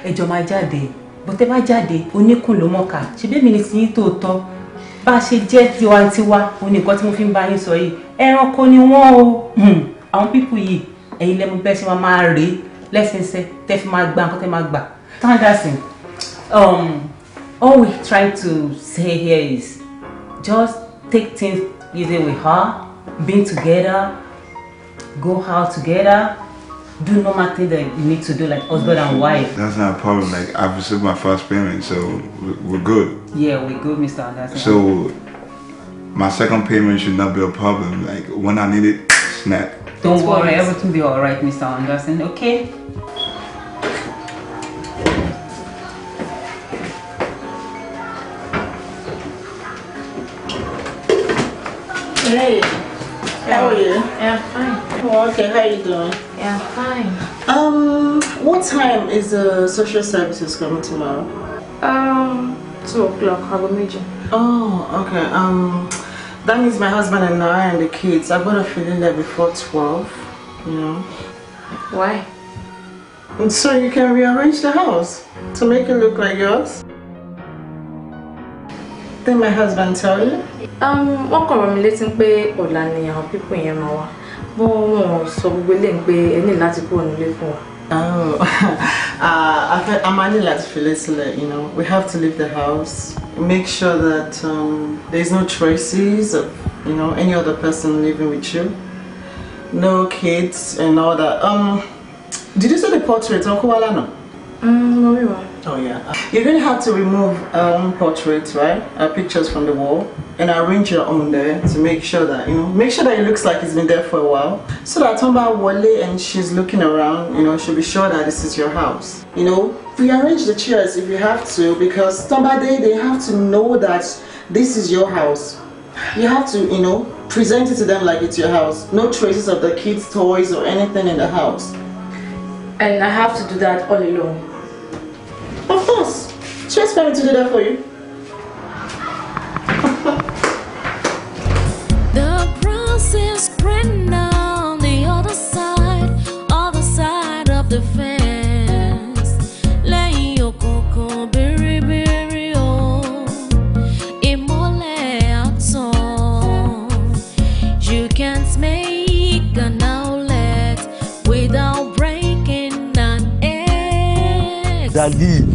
K: ẹjọ́ máa jáde bọ́tẹ́ bá jáde oníkùn ló mọ̀ọ́kà ṣebí mi ni ti yín tòótọ́ bá ṣe jẹ́ tiwantiwa òun nìkan tí mo fi ń bá yín sọ yìí ẹranko ni wọ́n o hmm. àwọn pípù yìí ẹ̀yin lẹ́mu bẹ́ẹ̀ ṣe máa máa rèé lẹ́sẹsẹ tẹ́ fi máa gba nǹkan tẹ́ máa gbà. Anderson, um, all we try to say here is just take things easy with her being together go out together do normal thing that you need to do like husband and wife.
I: That's not a problem. Like I've received my first payment, so we're good.
K: Yeah, we're good, Mr. Anderson. So
I: my second payment should not be a problem. Like when I need it, snap.
K: Don't worry, everything will be alright, Mr. Anderson, okay?
F: Hey, how are you? I'm yeah, fine. Oh, okay, how are you doing? Yeah, fine. Um, what time is the social services coming tomorrow?
A: Um,
F: two o'clock. I will meet you. Oh, okay. Um, that means my husband and I and the kids. I've got a feeling that before twelve. You know. Why? so you can rearrange the house to make it look like yours. Did my husband tell you? Um, wọ́n kàn rán mi létí pé ọ̀la ni àwọn pípọ̀ yẹn wá.
A: Oh, sọ willing to any ẹ ní láti kúrò nílé Oh,
F: uh, I'm only like Phyllisla, you know. We have to leave the house. Make sure that um, there's no traces of, you know, any other person living with you. No kids and all that. Um, did you see the portrait, Uncle Walano?
H: Mm, no, we were.
F: Oh yeah. You're going to have to remove um, portraits, right? Uh, pictures from the wall and arrange your own there to make sure that, you know, make sure that it looks like it's been there for a while. So that Tomba Wally and she's looking around, you know, she'll be sure that this is your house. You know, rearrange the chairs if you have to because Tomba Day, they have to know that this is your house. You have to, you know, present it to them like it's your house. No traces of the kids' toys or anything in the house.
A: And I have to do that all alone
F: Of course. Do me to do that for you?
D: the process, is written on the other side, other side of the fence. Lẹ́yìn òkùnkùn bìrìbìrì o, ìmọ́lẹ̀ àtàn. You can't make an outlet without breaking an egg. Dali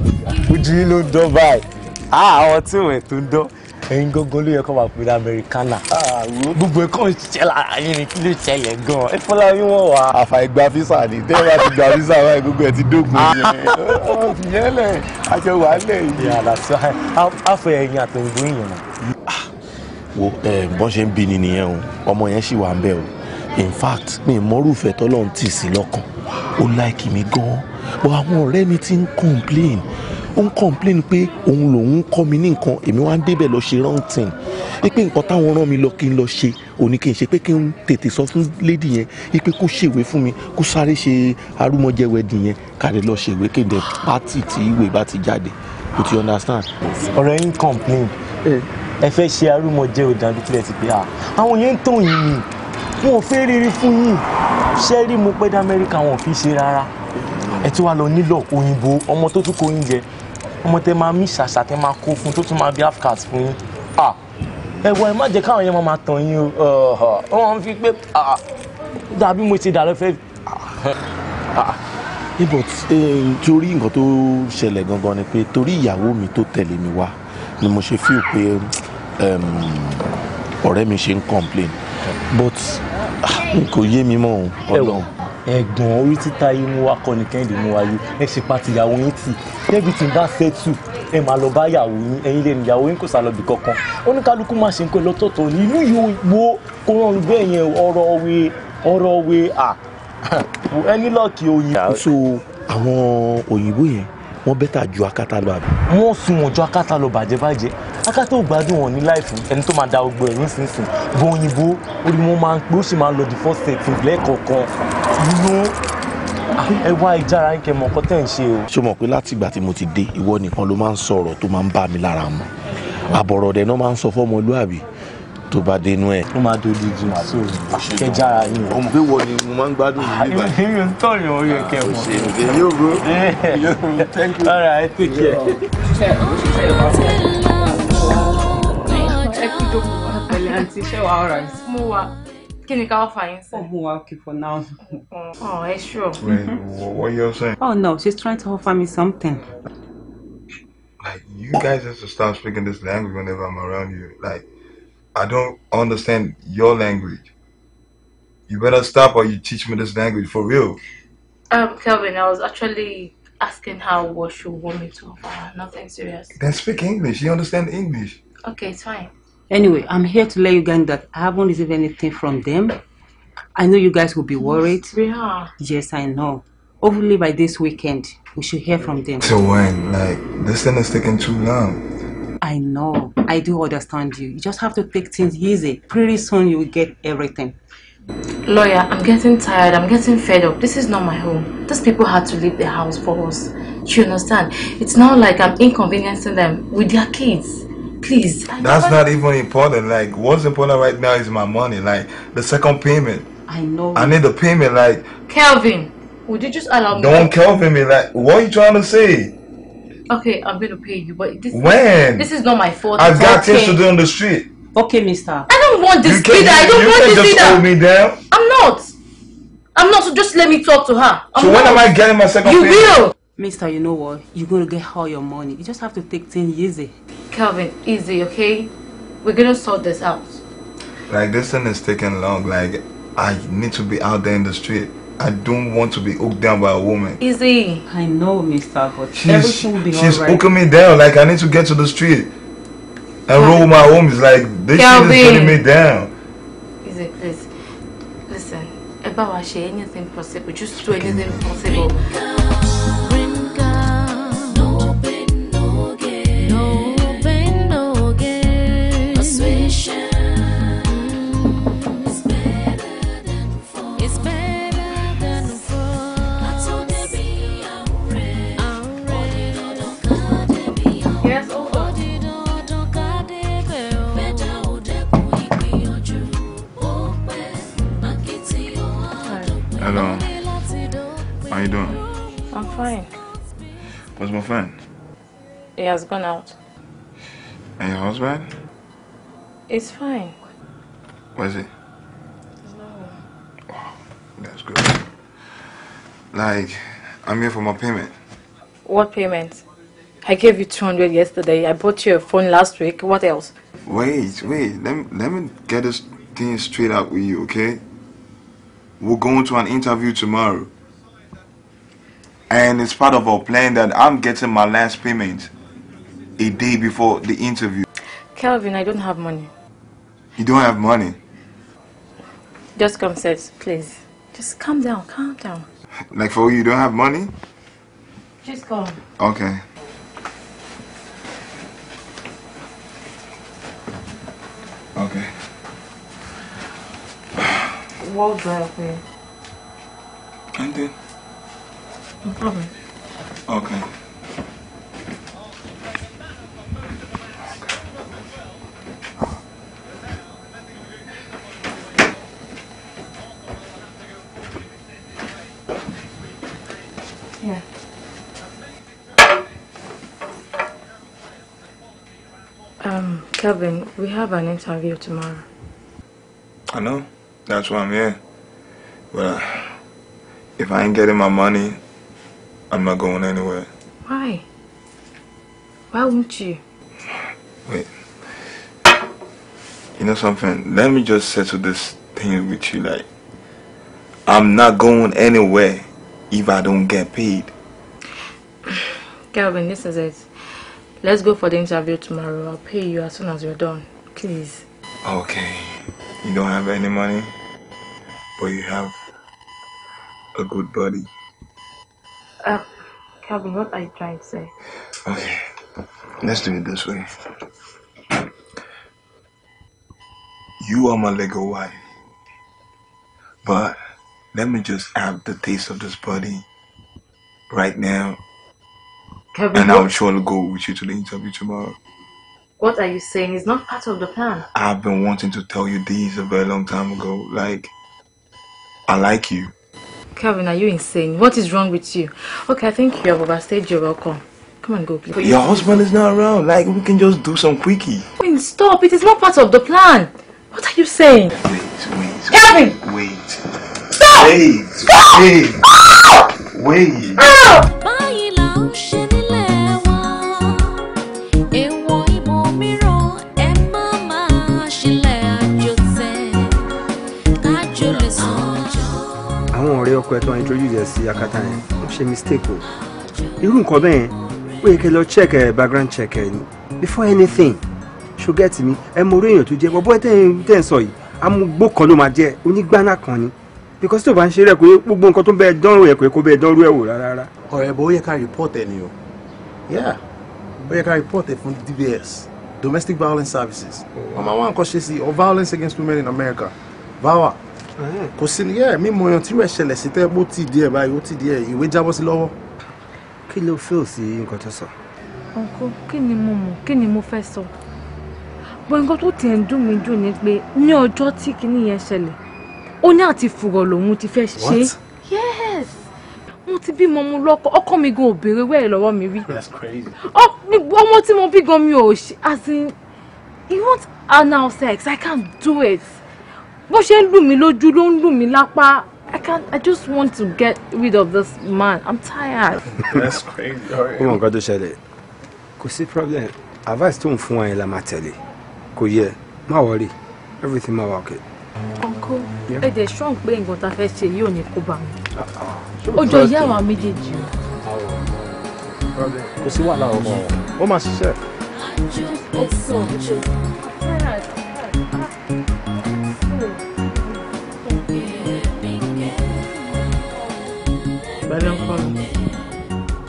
E: ojú yín ló ń dán báyìí àwọn tí òun ẹ̀ tó ń dán ẹ̀yin gógó ló yẹ kó máa pèrè amẹríkánà gbogbo ẹ̀ kàn ṣẹlẹ̀ ayé ni kí ló ṣẹlẹ̀ gan-an ẹ fọlá yín wọ̀ wá. àfàìgbà físà ni tẹ́ ẹ bá ti gba físà wáyé gbogbo ẹ ti dógùn yẹn ìyẹ́lẹ̀ àjọ wàhálẹ̀ yìí. yàrá sọ àfọ ẹ̀yìn àtòǹgbò yìnyín nà.
B: wo bọ́n ṣe ń bí ni nìyẹn o ọmọ yẹn ṣì wà ń bẹ̀ o in fact mi mọ́rùfẹ́ tọ́lọ́run tì sí lọ́kàn ó láìkì mi gan-an but àwọn ọ̀rẹ́ mi ti ń complain ó ń complain pé òun lòun ń kọ́ mi ní nǹkan èmi wá ń débẹ̀ lọ ṣe wrong thing pé nǹkan táwọn rán mi lọ kí n lọ ṣe òní kí n ṣe pé kí n tètè sọ fún lady yẹn pé kó ṣèwé fún mi kó sáré ṣe arúmọjẹ wedding yẹn kárí lọ ṣèwé kéde
E: pátì tí ìwé bá ti jáde kò ti understand. ọ̀rẹ́ yín complain ẹ fẹ́ ṣe arúmọjẹ òdàbí tilẹ̀ ti pé àwọn yẹn ń tàn yín ni wọn ò fẹ́ rírí fún yín ṣé rí mo pẹ́ dá amẹ́ríkà wọn ò fi ṣe rárá ẹ ti wá lọ nílò òyìnbó ọmọ tó tún kó oúnjẹ ọmọ tẹ máa mí ṣàṣà tẹ máa kó fún tó tún máa bí afcas fún yín ah, ẹwọ ẹ má jẹ́ káwọn yẹn máa tàn yín o wọn fi pé ah, dàbí mo ti dàrẹ fẹ.
B: ibò torí nǹkan tó ṣẹlẹ̀ gangan ni pé torí ìyàwó mi tó tẹ̀lé mi wá ni mo ṣe feel pé ehm, ọ̀rẹ́ mi ṣe ń complain but ah, kò yé
E: mi mọ́ ọ̀dọ̀ ẹ̀gbọ́n orí títa yìí mú wa kọ́ ni kẹ́hìndé mú wa yìí ẹ ṣe pa tìyàwó yín tì débi tí n bá sẹ́tù ẹ máa lọ bá yàwó yín ẹ̀yin lè níyàwó yín kò sá lọ bì kankan oníkálukú máa ṣe ń pè lọ́tọ̀ọ̀tọ̀ ní inú yìí wo kó rọrùn bẹ́ẹ̀ yẹn ọ̀rọ̀ we ọ̀rọ̀ we à ẹni lọ́ọ̀kì oyin. so àwọn òyìnbó yẹn wọ́n bẹ́tà ju akátá lọ àbí. wọ́n sun wọn ju akátá lọ bàjẹ́ bàjẹ́ akátá ò gbádùn wọn ní láìfù ẹni tó máa da gbogbo ẹ̀ nísinsìnyí bọ òyìnbó orí wọn máa ń pé ó sì máa ń lọ the first step lẹ́ẹ̀kọ̀ọ̀kan nínú ẹ wá ìjára ń kẹ mọ ọkọ tẹ̀ ń ṣe o. ṣé
B: o pé láti ìgbà tí mo ti dé ìwọ nìkan ló máa ń sọ̀rọ̀ tó máa ń bá mi lára mu àbọ̀rọ̀ dẹ̀ náà máa ń sọ fọ́mọlúàbí tó bá dé inú ẹ. ó máa dojú ju so o
E: mọ̀ pé wọ ni mo máa ń gbádùn yìí nígbà yìí. èmi ò tọ̀ yàn yẹ kẹ mọ̀. èmi ò thank you. all right take care. ẹ kí ló
K: oh, oh, what you saying. oh no she's trying to offer me something.
I: Like you guys have to start speaking this language whenever I'm around you. Like I don't understand your language. You better stop or you teach me this language for real.
A: Um, Kelvin, I was actually asking how what she want me to offer nothing serious.
K: Then speak
I: English. You understand English.
A: Okay, it's fine.
K: Anyway, I'm here to let you guys that I haven't received anything from them. I know you guys will be worried. We are. Yes, I know. Hopefully by this weekend, we should hear from them. So when?
I: Like, this thing is taking too long.
K: I know. I do understand you. You just have to take things easy. Pretty soon you'll get everything. Lawyer, I'm
A: getting tired. I'm getting fed up. This is not my home. These people had to leave the house for us. Do you understand? It's not like I'm inconveniencing them with their kids. Please. I That's never... not
I: even important. Like, what's important right now is my money. Like, the second payment. I know. I need the payment. Like,
A: Kelvin, would you just allow me? Don't
I: Kelvin me. Like, what are you trying to say?
A: Okay, I'm going to pay you, but this when this is not my fault. I've got things to do on
I: the street.
K: Okay, Mister. I don't want this either. I don't you want can't this just
I: me down.
K: I'm not. I'm not. So just let me talk to her. I'm so not. when am I getting my second? You payment? will. Mister, you know what? You're gonna get all your money. You just have to take things easy. Kelvin. easy, okay? We're gonna sort this out.
I: Like this thing is taking long. Like I need to be out there in the street. I don't want to be hooked down by a woman.
K: Easy. I know, mister, but she's, everything will be alright. She's all right.
I: hooking me down. Like, I need to get to the street and Calvin. roll my home. like, this Calvin. shit is getting me down.
A: Easy, please. Listen,
D: about anything possible. Just do anything possible. you doing? I'm fine.
I: Where's my friend?
A: He has gone out.
I: And your husband? It's fine. Where's he? He's Oh, that's good. Like, I'm here for my payment.
A: What payment? I gave you 200 yesterday. I bought you a phone last week. What else?
I: Wait, wait. Let me, let me get this thing straight up with you, okay? We're going to an interview tomorrow and it's part of our plan that I'm getting my last payment a day before the interview.
A: Kelvin, I don't have money.
I: You don't have money?
A: Just come, sit, please. Just calm down, calm down.
I: Like for you, don't have money? Just come. Okay.
A: Okay. What's do Nothing. No problem. Okay. Yeah. Um, Kevin, we have an interview tomorrow.
I: I know. That's why I'm here. But if I ain't getting my money, I'm not going anywhere.
A: Why? Why won't you?
I: Wait. You know something? Let me just settle this thing with you. Like, I'm not going anywhere if I don't get paid.
A: Kelvin, this is it. Let's go for the interview tomorrow. I'll pay you as soon as you're done. Please.
I: Okay. You don't have any money, but you have a good body.
A: Uh, Calvin, what are you trying to say?
I: Okay, let's do it this way. You are my Lego wife, but let me just have the taste of this body right now. Kevin, and I'm sure to go with you to the interview tomorrow.
A: What are you saying? It's not part of the plan.
I: I've been wanting to tell you this a very long time ago. Like, I like you.
A: Kevin, are you insane? What is wrong with you? Okay, I think you have overstayed your welcome. Come and go, please. But your
I: husband is not around. Like, we can just do some quickie.
A: Kevin, stop. It is not part of the plan. What are you saying? Wait, wait. Kevin! Wait.
I: Stop! Wait. Stop! Wait. Wait. Ah! Wait. Ah!
J: ọkọ ẹ̀ tó wá introduce ẹ̀ sí akátá yẹn ó ṣe mistake o irú nǹkan bẹ́ẹ̀ ó yẹ kí lọ check ẹ eh, background check ẹ ni before anything ṣó gẹ́ẹ̀tì mi ẹ mọ orí èèyàn tó jẹ́ bọ́bọ́ tẹ́ ń sọ yìí amúgbó kan ló máa jẹ́ onígbáná kan ni because tó bá ń ṣe rẹ̀ pé gbogbo nǹkan tó bẹ́ẹ̀ dánrò ẹ̀ pé kó bẹ́ẹ̀ dánrò ẹ̀ wò rárá. ọ̀rẹ́ bó yẹ ká report ẹ ni o
B: ó yẹ ká report ẹ fún DVS domestic violence services ọmọ àwọn àkọ́ṣe sí or violence against women in America VAWA kò sí nìyẹn mímọ
E: ọyàn tí rẹ̀ ṣẹlẹ̀ sí tẹ́ bó ti di ẹ̀ báyìí ó ti di ẹ̀ ìwé jábọ́ sí lọ́wọ́. kí ló fẹ́ òsì nǹkan tó sọ.
A: ọ̀nkọ kí ni mo mọ̀ kí ni mo fẹ́ sọ bọ́ nǹkan tó tiẹ̀ ń dùn mí dùn ni pé ní ọjọ́ tí kinní yẹn ṣẹlẹ̀ ó ní àti fùrọ̀ lòun ti fẹ́ ṣe. yes mo ti bímọ mu lọ́kọ ọkọ mi gan ò béèrè wẹ́ẹ̀ lọ́wọ́ mi rí. that's crazy. ọmọ tí mo bí gan mi ò ṣe as in you want anal sex i can't do it bó ṣe ń lù mí lójú ló ń lù mí lápá I can't I just want to get rid of this man I'm tired.
J: That's crazy. ó mọ nǹkan tó ṣẹlẹ̀ kò sí problem advice tó ń fún wa yẹn la máa tẹ̀lé kò yẹ má worry everything máa wà okay. uncle ẹ
A: jẹ́ strong pé nǹkan tá a fẹ́ ṣe yóò ní kó bá mi
E: uh-uh.
A: ó jọ ìyá àwa méjèèjì o.
E: kò sí wàhálà ọmọ wọn ó máa ṣiṣẹ́.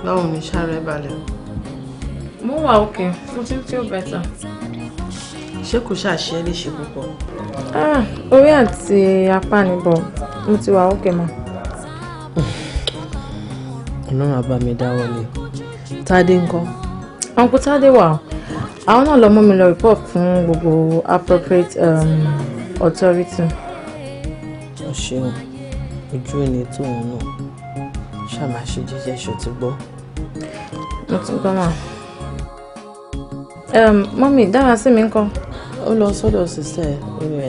A: báwo ni ṣàrẹ balẹ̀ mo wà òkè mo ti ń feel better. ṣé kò ṣàṣẹ léṣe púpọ̀. Ah, orí àti apá ni bọ̀ mo ti wà òkè mọ́. ọlọ́run á bá mi dáwọ́lé tádé ńkọ́. ọ̀nkú tádé wà àwọn náà lọ mú mi lọ report fún gbogbo appropriate um, authority. ọ̀ṣẹ́ ojú ẹni tóun náà ṣàmàṣe jíjẹ́ ṣòtúgbọ́ mo ti gbọ́ máa. mọ́mí dára sí mi ńkọ́. ó lọ sọ́dọ̀ sísẹ́ eh,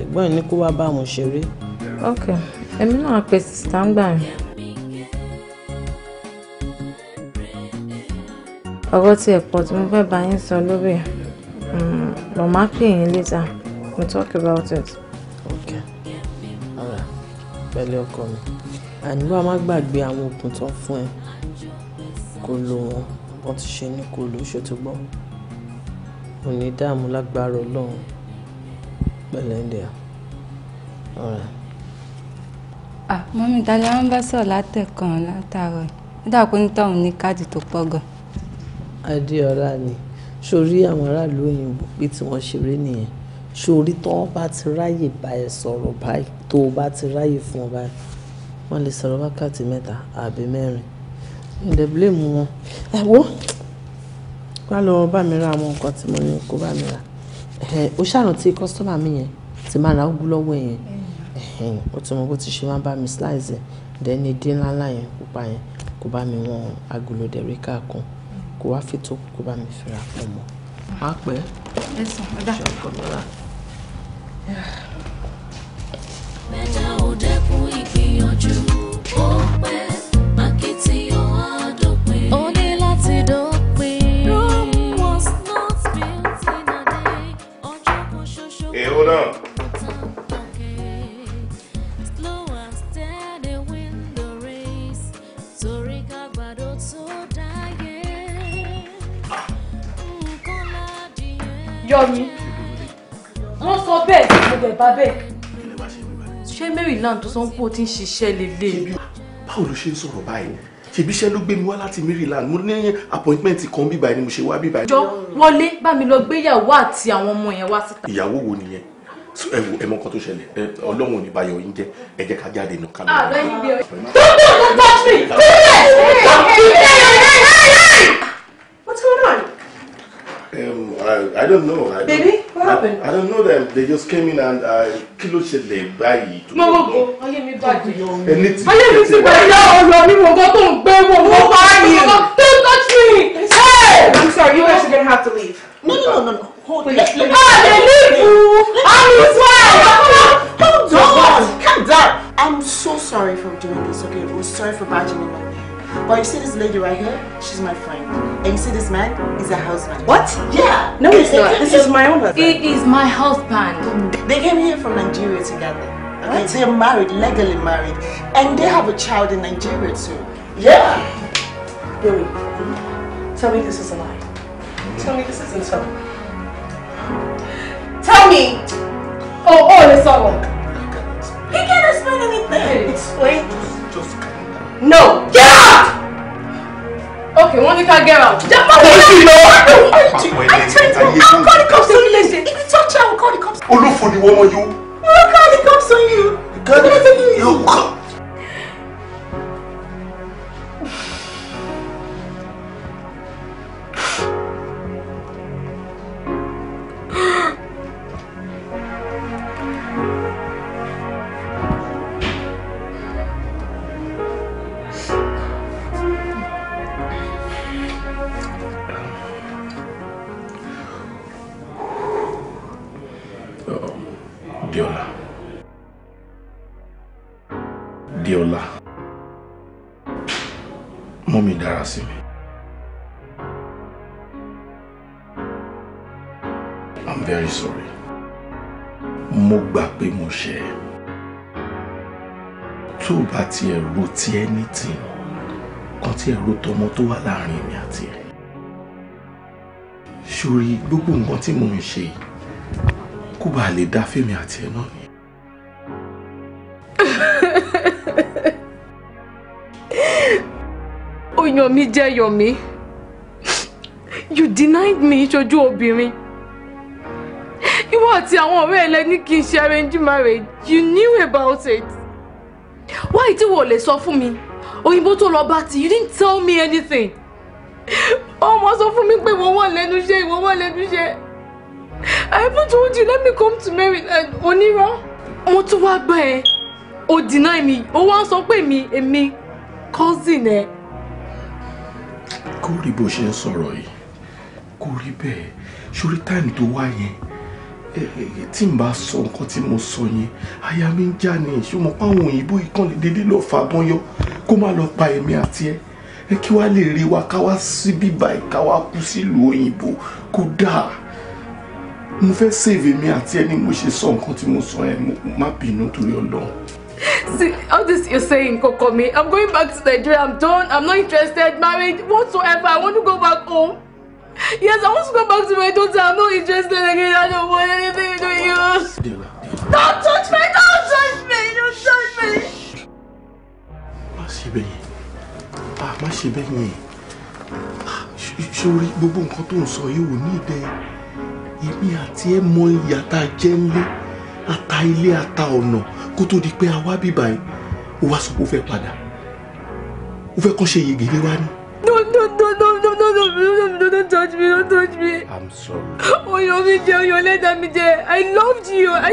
A: ẹ̀gbọ́n ẹ̀ ní kó wá bá wọn ṣeré. ok èmi náà pe sísá ń gbà yín. ọ̀rọ̀ tí ẹ̀ pọ̀ tí mo fẹ́ bá yín sọ lórí ẹ̀ but hmm, later we talk about it. Okay. all right pẹ̀lú ọkọ mi àníwá má gbàgbé àwọn oògùn tó fún ẹ kó lo wọn wọ́n ti ṣe ní kó lò ṣètúgbọ́ ò ní dààmú lágbára ọlọ́run pẹ̀lẹ́ndẹ̀ ọ̀rẹ́. ah mọ́mí ìdájọ́ wọn bá sọ̀rọ̀ látẹ̀kàn látàárọ̀ ó dà kó nítorí ní káàdì tó pọ̀ gan. adéọlá ni sórí àwọn aráàlú òyìnbó pé tí wọ́n ṣeré nìyẹn sórí tó wọ́n bá ti ráyè bá ẹ sọ̀rọ̀ báyìí tó o bá ti ráyè fún ọ báyìí wọ́n lè sọ̀rọ̀ wákàtí mẹ́ta àbí mẹ́rin ǹdẹ̀ blame wọn ẹ wo wá lọ bá mi ra àwọn nǹkan tí mo ní kó bá mi ra ó ṣàrántí kọ́sítọ́mà mi yẹn ti máa ra ogun lọ́wọ́ yẹn ó ti mọ bó ti ṣe máa bá mi slice ǹdẹ̀ dín ńláńlá yẹn pupa yẹn kó bá mi wọn agolo dẹ̀ríkà kan kó wá fi tó kó bá mi fira pọ̀ mọ́ á pẹ́ ṣọkọ̀ lọ́la.
D: bẹ́ẹ̀ ìgbìyànjú ó pẹ́ akitiyan.
B: náà tó sọ pé o ti ń ṣiṣẹ́ lélẹ̀. báwo ló ṣe ń sọ̀rọ̀ báyìí ṣebí iṣẹ́ ló gbé mi wá láti Maryland mo ní appointment kan bíbá ni mo ṣe wá bíbá. jọ
A: wọlé bá mi lọ gbéyàwó àti àwọn ọmọ yẹn wá síta.
B: ìyàwó wo nìyẹn ẹ wo ẹ mọ nǹkan tó ṣẹlẹ̀ ọlọ́run ò ní bá yọ yín jẹ́ ẹ jẹ́ ká jáde nù
A: ká lọ.
D: Ah,
B: Um, I, I don't know. I Baby,
A: don't, what I, happened?
B: I don't know them. They just came in and no, uh, no, ṣẹlẹ̀ báyìí.
A: Mo mọ̀ bọ̀, ayé mi
C: bàjẹ́. Ẹni tí ayé mi ti bàjẹ́ ọ̀rọ̀ mi
H: mọ̀ bọ́ tó ń gbé wọ̀ wọ́n bá yìí. Don't
F: touch me! Hey! I'm sorry, you guys are gonna have to leave. No, no, no, no, no. Hold it. Ah, they leave you! I'm his wife! Hold on! Calm down! I'm so sorry for doing this, okay? I'm sorry for badging in my But you see this lady right here? She's my friend. And you see this man? He's a husband. What? Yeah. No, it's not. This is my own husband. It is my husband. They came here from Nigeria together. Okay, what? they're married, legally married. And they have a child in Nigeria too.
C: Yeah. Billy,
F: tell me this is a lie. Tell me this isn't so.
H: Tell me! Oh, oh, it's all He can't explain anything. Explain. Just No! Get out! Okay,
A: wọ́n ní ká get out. Jẹ́ mọ̀ wọ́n sí lọ. I
C: tell you, I'll call the cops on you later. If you touch her, I'll call the cops. Olófò for the woman, you. I'll call the cops on you. You can't. You can't.
B: mú mi dára sí mi. I'm very sorry. Mo gbà pé mo ṣe é. Tó o bá tiẹ̀ ro ti anything, kan tiẹ̀ ro tọmọ tó wà láàrin èmi àti ẹ̀. Ṣorí gbogbo nǹkan tí mo ń ṣe kó bàa lè dá fèmi àti ẹ̀ náà ni.
A: Yomi jẹ́ Yomi you denied me ṣojú obìnrin ìwọ àti àwọn ọ̀rẹ́ ẹlẹ́ ní kí n ṣe arrange marriage you knew about it why tí wò lè sọ fún mi òyìnbó tó lọ bá ti you didn't tell me anything ọmọ sọ fún mi pé ìwọ wà lẹ́nu iṣẹ́ ìwọ wà lẹ́nu iṣẹ́ I even told you let me come to marry onírọ́ mo tún wá gbọ́ ẹ o deny me. o wá sọ pé mi èmi cousin ẹ. Eh
B: kó rí bó ṣe ń sọ̀rọ̀ yìí kó rí bẹ́ẹ̀ sórí táìmù tó wá yẹn tí n bá sọ nǹkan tí mo sọ yẹn aya mi ń já ni ìṣùmọ̀ páwọn òyìnbó ìkànnì lè dédé lọ́ọ́ fà bọ́n yọ kó má lọ pa èmi àti ẹ ẹ kí wàá lè rí wa ká wá sí bíbá ẹ ká wá kú sílùú òyìnbó kó dáa mo fẹ́ save èmi àti ẹ ni mo ṣe sọ nǹkan tí mo sọ yẹn má bínú torí Ọlọ́run.
A: See, all this you're saying, Kokomi, I'm going back to Nigeria. I'm done. I'm not interested. Married, whatsoever. I want to go back home. Yes, I want to go back to my daughter. I'm not interested again. I don't
C: want anything to do with you. Don't touch me! Don't touch me! Don't touch me!
B: Má ṣe Ah, má ṣe bẹ́yìn. Ah, Ṣorí gbogbo nǹkan tó ń sọ yìí ò ní ìdẹ. Èmi àti ẹ̀ ata ilé ata ọ̀nà kó tó di pé a wá bíbá yìí ó wá sọ pé ó fẹ́ padà ó fẹ́ kọ́ ṣe yege lé wa ni.
D: don't don't don't don't don't don't don't don't don't touch me don't touch me. i'm sorry. oyo mi jẹ oyo ẹlẹ́dàá
C: mi jẹ i loved you i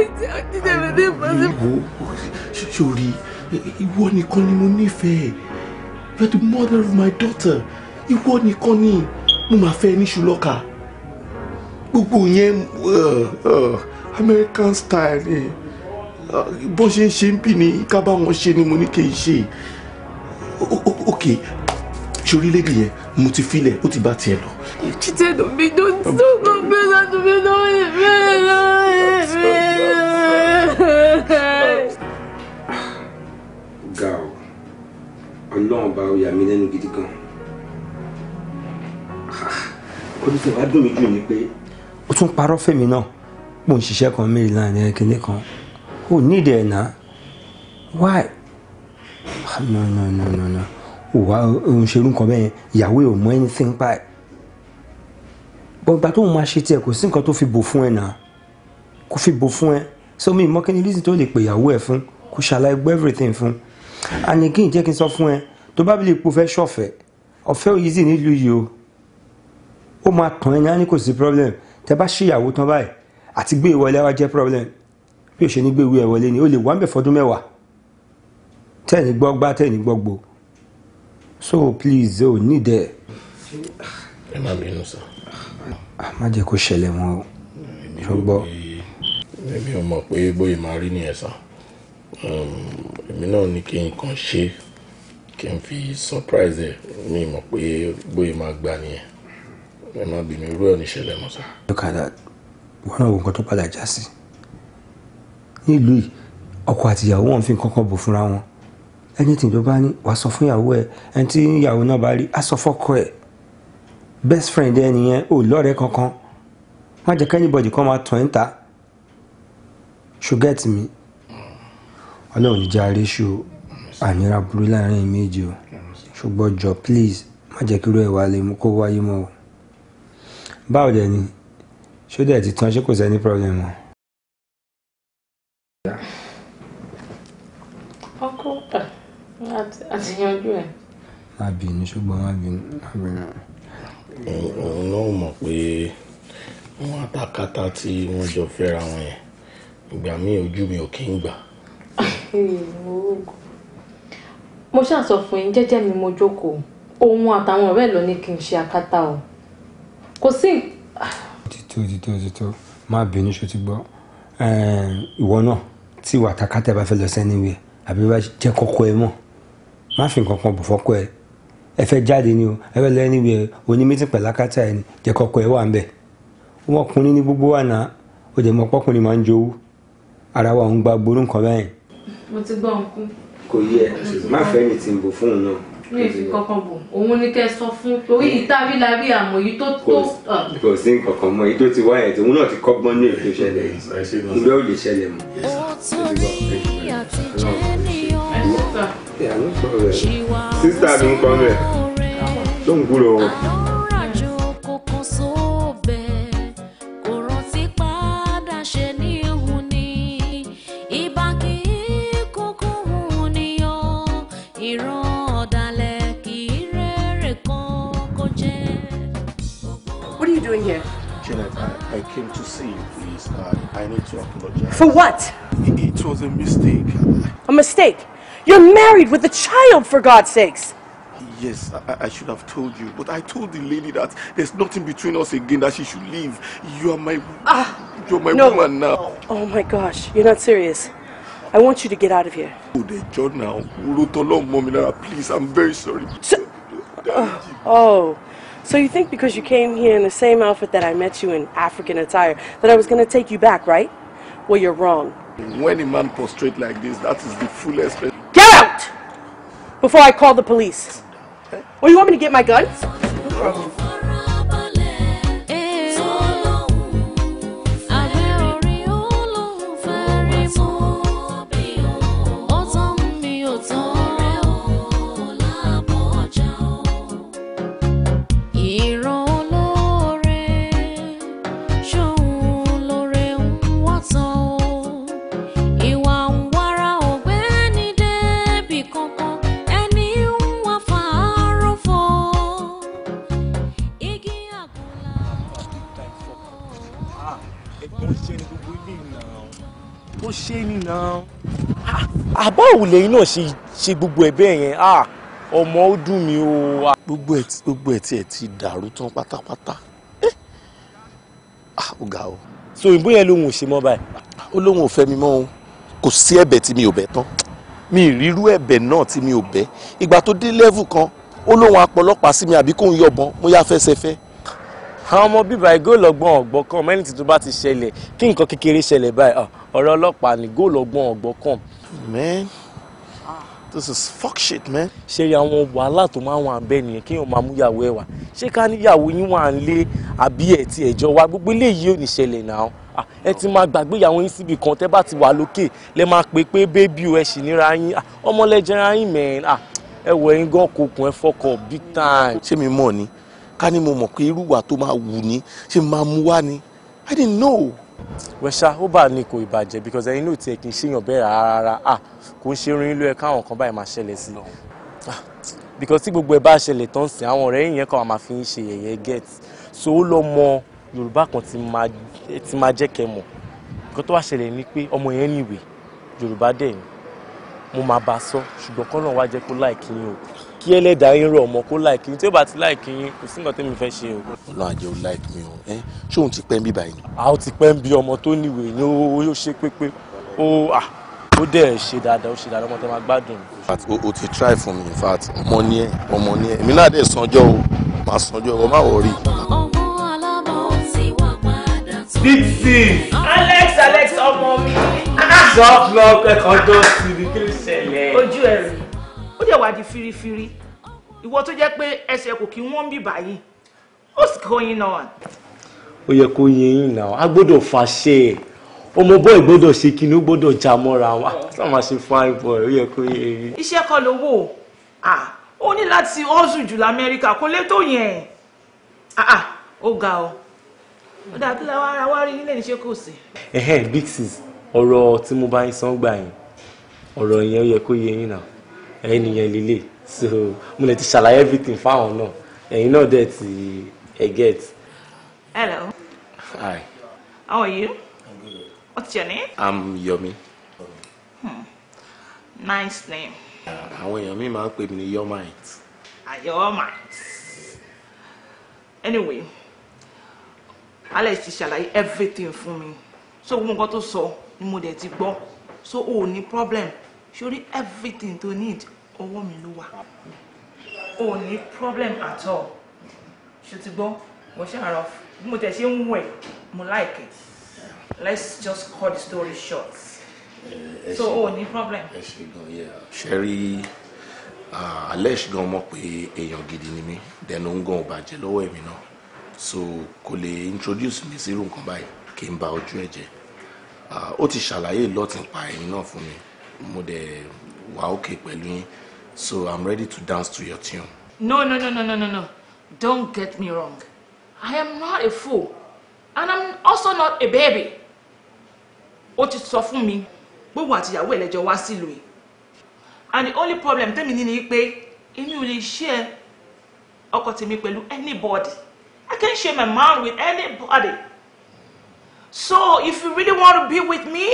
C: did everything for
B: you. sori ìwọ nìkan ni mo nífẹ̀ẹ́ you are the mother of my daughter ìwọ nìkan ni mo máa fẹ́ ní ṣùlọ́ka gbogbo yẹn. Uh, uh. American style ni eh. bó ṣe ń ṣe ń bì ní ká bá wọn ṣe ni mo ní kí n ṣe ok ṣorílẹ̀-èdè yẹn mo ti filẹ̀ ó ti bá tiẹ̀ lọ.
D: jíjẹ́ ló mi ló ń tó kó mi lọ́dún mi lọ́wọ́ ìfẹ́ lọ́wọ́ ìfẹ́.
J: ga ọ ọlọ́run bá ọyà mi lẹ́nu gidi gan olùsèwádùn ah, mi jù ni pé. ó tún parọ́ fẹ́mi náà pò ń ṣiṣẹ́ kan Maryland ẹ̀ kìnní kan Who need ẹ̀ náà why ah, no no no no no ò wá òun ṣerú nǹkan bẹ́ẹ̀ ìyàwó ò mọ ẹni tí ń pa ẹ̀ bọ́gbà tóun máa ṣe tiẹ̀ kò sí nǹkan tó fi bò fún ẹ̀ náà kò fi bò fún ẹ̀ so mi mọ́ kíni reason tó lè pè ìyàwó ẹ̀ fún kò ṣàlàyé gbọ́ everything fún and again jẹ́ kí n sọ fún ẹ tó bá bìlẹ̀ ipò fẹ́ ṣọ̀fẹ́ ọ̀fẹ́ ò easy nílùú yìí o ó máa tàn ẹ́ ní á kò sí problem tẹ bá ṣíyàwó tán báyìí àti gbé ìwọlé wa jẹ́ problem bí o ṣe ní gbé ìwé ẹ̀ ni o lè wá ń bẹ̀ fọdún mẹ́wàá tẹ́ẹ̀ní gbọ́ tẹ́ẹ̀ní gbọ́ so please o ní dẹ̀. ẹ má bínú sọ. a má jẹ́ kó ṣẹlẹ̀ wọn o ṣùgbọ́. èmi ò mọ̀ pé bóyá máa rí nìyẹn sá um, èmi
B: náà ní kí n kàn ṣe kí n fi surprise ẹ mi mọ̀ pé bóyá máa gbà nìyẹn ẹ má bínú irú ẹ̀ ní ṣẹlẹ̀ mọ́
J: look at that wọn náà wò nǹkan tó padà já sí nílùú yìí ọkọ àti ìyàwó wọn fi nǹkan bò fúnra wọn ẹni tí ìjọba ní wà sọ fún ìyàwó ẹ ẹni tí ìyàwó náà bá rí á fọkọ ẹ best friend ẹ nìyẹn ò lọ́rẹ̀ẹ́ kankan má jẹ́ kẹ́nìbọ̀dì kan máa tàn ẹ́ ta ṣùgẹ́tì mi ọlọ́run ìjà àríṣù ànírà burú láàrin méjì o ṣùgbọ́n jọ please má jẹ́ kí irú ẹ̀ wá lè mú kó wáyé mọ́ o báwo dẹ̀ ni ṣó dẹ̀ ti tán ṣé kò sẹ́ni problem
A: ọkọ àti ẹ.
J: má bínú ṣùgbọ́n má bínú òun náà mọ̀ pé wọ́n àtàkàtà tí wọ́n
B: jọ fẹ́ra wọn yẹn ìgbà míì ojú mi ò kí ń gbà.
A: mo ṣàṣọ fún yín jẹ́jẹ́ mi mo jókòó ohun àtàwọn ọ̀rẹ́ lọ ni kì í ṣe akátá o kò sí
J: o ti tó ó ti tó má bínú ṣó ti gbọ́ ìwọ náà tí ìwà takátẹ́ bá fẹ́ lọ sẹ́ni wẹ̀ àbí wá jẹ́ kọ́kọ́ ẹ mọ̀ má fi nǹkan kan bọ̀ fọ́kọ́ ẹ ẹ jáde ni o ẹ fẹ́ lọ ẹni wẹ̀ oní mítìn pẹ̀lú akátá ẹ ni jẹ́ kọ́kọ́ ẹ wà ń bẹ̀ wọ́n kùnrin ní gbogbo wà náà ó dẹ̀ mọ́ pọ́kùnrin máa ń jowú ara wa ń gba gbóró nǹkan báyìí.
A: mo ti gbọ́ nǹkan.
J: kò yẹ má fẹ́ mi ti bò fóun náà mi ò fi kankan
A: bò òun ni kẹ́ ẹ sọ fún torí
D: ìtàrí la rí àmọ́ èyí tó tó.
J: kò sí nǹkankan mọ́ èyí tó ti wá yẹn tí òun náà ti kọ́gbọ́n ní èyí tó ṣẹlẹ̀ yìí ìgbẹ́ ò lè ṣẹlẹ̀ mọ́. sísá ló ń kọ́ mẹ́ tó ń gbúrò
D: wọn.
B: need to apologize. For what? It was a mistake.
H: A mistake? You're married with a child, for God's sakes.
B: Yes, I, I, should have told you. But I told the lady that there's nothing between us again, that she should leave. You are my, ah, you're my no. woman now.
H: Oh my gosh, you're not serious. I want you to get out of here.
B: Oh, the John now. Please, I'm very sorry. So,
H: oh, oh. So you think because you came here in the same outfit that I met you in African attire that I was going to take you back, right? Well, you're wrong.
B: When a man prostrate like this, that is the full expression.
H: Get out! Before I call the police. Or oh, you want me to get my guns?
E: ṣeré ni náà. Ah, àbá òwúlẹ̀ yìí náà ṣe gbogbo ẹ̀ bẹ́ẹ̀ yẹn ah, ọmọ ó dùn mí o. Ah. gbogbo ẹ̀ gbogbo ẹ̀
B: ti dàrú tán pátápátá eh. ó ga o. so ìbú yẹn lòun ò ṣe mọ́ báyìí. ó lóun ò fẹ́ mi mọ́ o kò sí ẹ̀bẹ̀ tí mi ò bẹ̀ tán mi ìrírú ẹ̀bẹ̀ náà tí mi ò bẹ̀ ìgbà tó dé level kan ó lóun apọlọpàá sí mi àbí kóun yọ̀bọ̀n
E: mo yá fẹsẹ̀ fẹ́ àwọn ọmọ bíbá góòlù ọgbọ́n ọ̀gbọ́n kan mẹ́rin tí tó bá ti ṣẹlẹ̀ kí nǹkan kékeré ṣẹlẹ̀ báyìí ah, ọ̀rọ̀ ọlọ́pàá ni góòlù ọgbọ́n ọ̀gbọ́n kan. man this is fuck shit man. ṣe rí àwọn wàhálà tó máa ń wà bẹ́ẹ̀ nìyẹn kí èèyàn máa mú ìyàwó ẹ̀ wá ṣé ká níyàwó yín wà ń lé àbí ẹ̀ tí ẹ̀jọ́ wa gbogbo eléyìí ò ní ṣẹlẹ̀ náà ah, ẹ ti máa gbàgbé ìyàwó yín síbi kan tẹ́ bá ti wà lókè lẹ́ máa pè pé bébí o ẹ sì níra yín ah, ọmọlẹ́jẹ̀ra yín mẹ́rin ẹ wọ ẹ̀yin gan kokùn ẹ fọkọ̀ big time. ṣé mi mọ̀ ni
B: ká ní mo mọ̀ pé irú wa tó máa wù ní ṣe máa
E: mú wá ni i didn't know. wẹ́ṣà ó bá ní kò ìbàjẹ́ because ẹ̀yin náà tiẹ̀ kì í ṣèyàn bẹ́ẹ̀ rárá à kò ń ṣe irun ilé ẹ̀ káwọn kan báyìí máa ṣẹlẹ̀ sí because tí gbogbo ẹ̀ bá ṣẹlẹ̀ tán sí àwọn ọ̀rẹ́ yìnyẹn kan máa fi ń ṣe yẹ̀yẹ́ get so ó lọ mọ Yorùbá kan ti máa jẹ́ kẹ́ mọ̀ nǹkan tó wá ṣẹlẹ̀ ni pé ọmọ yẹn níwèé Yorùbá dẹ̀ ni mo máa bá a sọ ṣùgbọ́n kọ́ wá jẹ́ kó láì kí yín o kí ẹlẹ́dàá yín rọ̀ ọmọ kó láìkí tí ó bá ti láìkí yín kò sí nǹkan tẹ́mi fẹ́ ṣe o. ọlọ́run àjẹ́ ò láìkí mi o ṣé òun ti pẹ́ ń bí báyìí. a ó ti pẹ́ ń bí ọmọ tó níwèé ni ó yóò ṣe pépé ó à ó dẹ̀ ṣe dáadáa ó ṣe dáadáa ọmọ tó máa gbádùn.
B: o ti try fún mi in fact ọmọ ni ẹ ọmọ ni ẹ èmi náà dẹ̀ sanjọ́ o máa sanjọ́
E: o má wọrí.
D: títì
C: Alex Alex ọmọ mi.
E: drop log ẹ̀kan tó ti di kí ló ṣẹlẹ̀. ojú
C: ẹ̀rù dẹ̀ wá di firifiri ìwọ tó jẹ́ pé ẹsẹ̀ kò kí wọ́n ń bì báyìí ó sì kọ́ yín náà.
E: ó yẹ kó yẹ yín náà a gbọ́dọ̀ fàṣẹ ọmọ bọ́ọ̀ gbọ́dọ̀ ṣe kinní ó gbọ́dọ̀ já mọ́ra wa sọ́mà ṣe fine boy ó yẹ kó yẹ yín.
C: iṣẹ́ kọ́ ló wò ó ní láti ọ́sùn jù lamẹ́ríkà kó lè tó yẹn ó ga ọ ó dà kí làwọn ará wa rí ilé níṣẹ́ kò sí.
E: big sis ọ̀rọ̀ tí mo bá ń san gbà yín ọ̀rọ̀ yẹn ó yẹ kó yẹ yín náà ènìyàn líle so mo lè ti ṣàlàyé everything fáwọn náà ẹ̀yin náà dẹ̀ ti ẹ̀ get. hello. hi.
C: how are you? i'm good. what's your name?
E: i'm Yomi.
C: Hmm. nice name.
B: àwọn èèyàn mi máa ń pè mí ní Yomite.
C: ah Yomite. anyway alex ti ṣàlàyé everything fún mi so gbogbo nǹkan tó sọ ni mo dẹ̀ ti gbọ́ so o ò ní problem sórí everything tó need ọwọ́ mi ló wà o ní problem at all ṣùtìgbọ́n mo ṣe àrọ bí mo tẹ̀ ṣe ń wẹ̀ mo like it let's just cut the story short eh, eh, so o ní problem. ẹ eh, ṣe gan yẹ ṣe
B: rí alex gan mọ̀ pé èèyàn gidi ni mí dẹnu ń gan ò bàjẹ́ lọ́wọ́ èmi náà so kò lè introduce mi sí irú nǹkan báyìí kí n ba ojú ẹ̀ jẹ́ ó ti ṣàlàyé lọ́tìpa ẹ̀yìn náà fún mi mo dẹ̀ wà ókè pẹ̀lú yín. So I'm ready to dance to your tune.
C: No, no, no, no, no, no, no. Don't get me wrong. I am not a fool. And I'm also not a baby. What is Ó ti sọ fún mi gbogbo àtìyàwó ẹlẹ́jọ́ wá sílùú yìí. And the only problem tell me, ni pé èmi ò lè share ọkọ tèmi pẹ̀lú anybody. I can't share my man with anybody. So if you really want to be with me,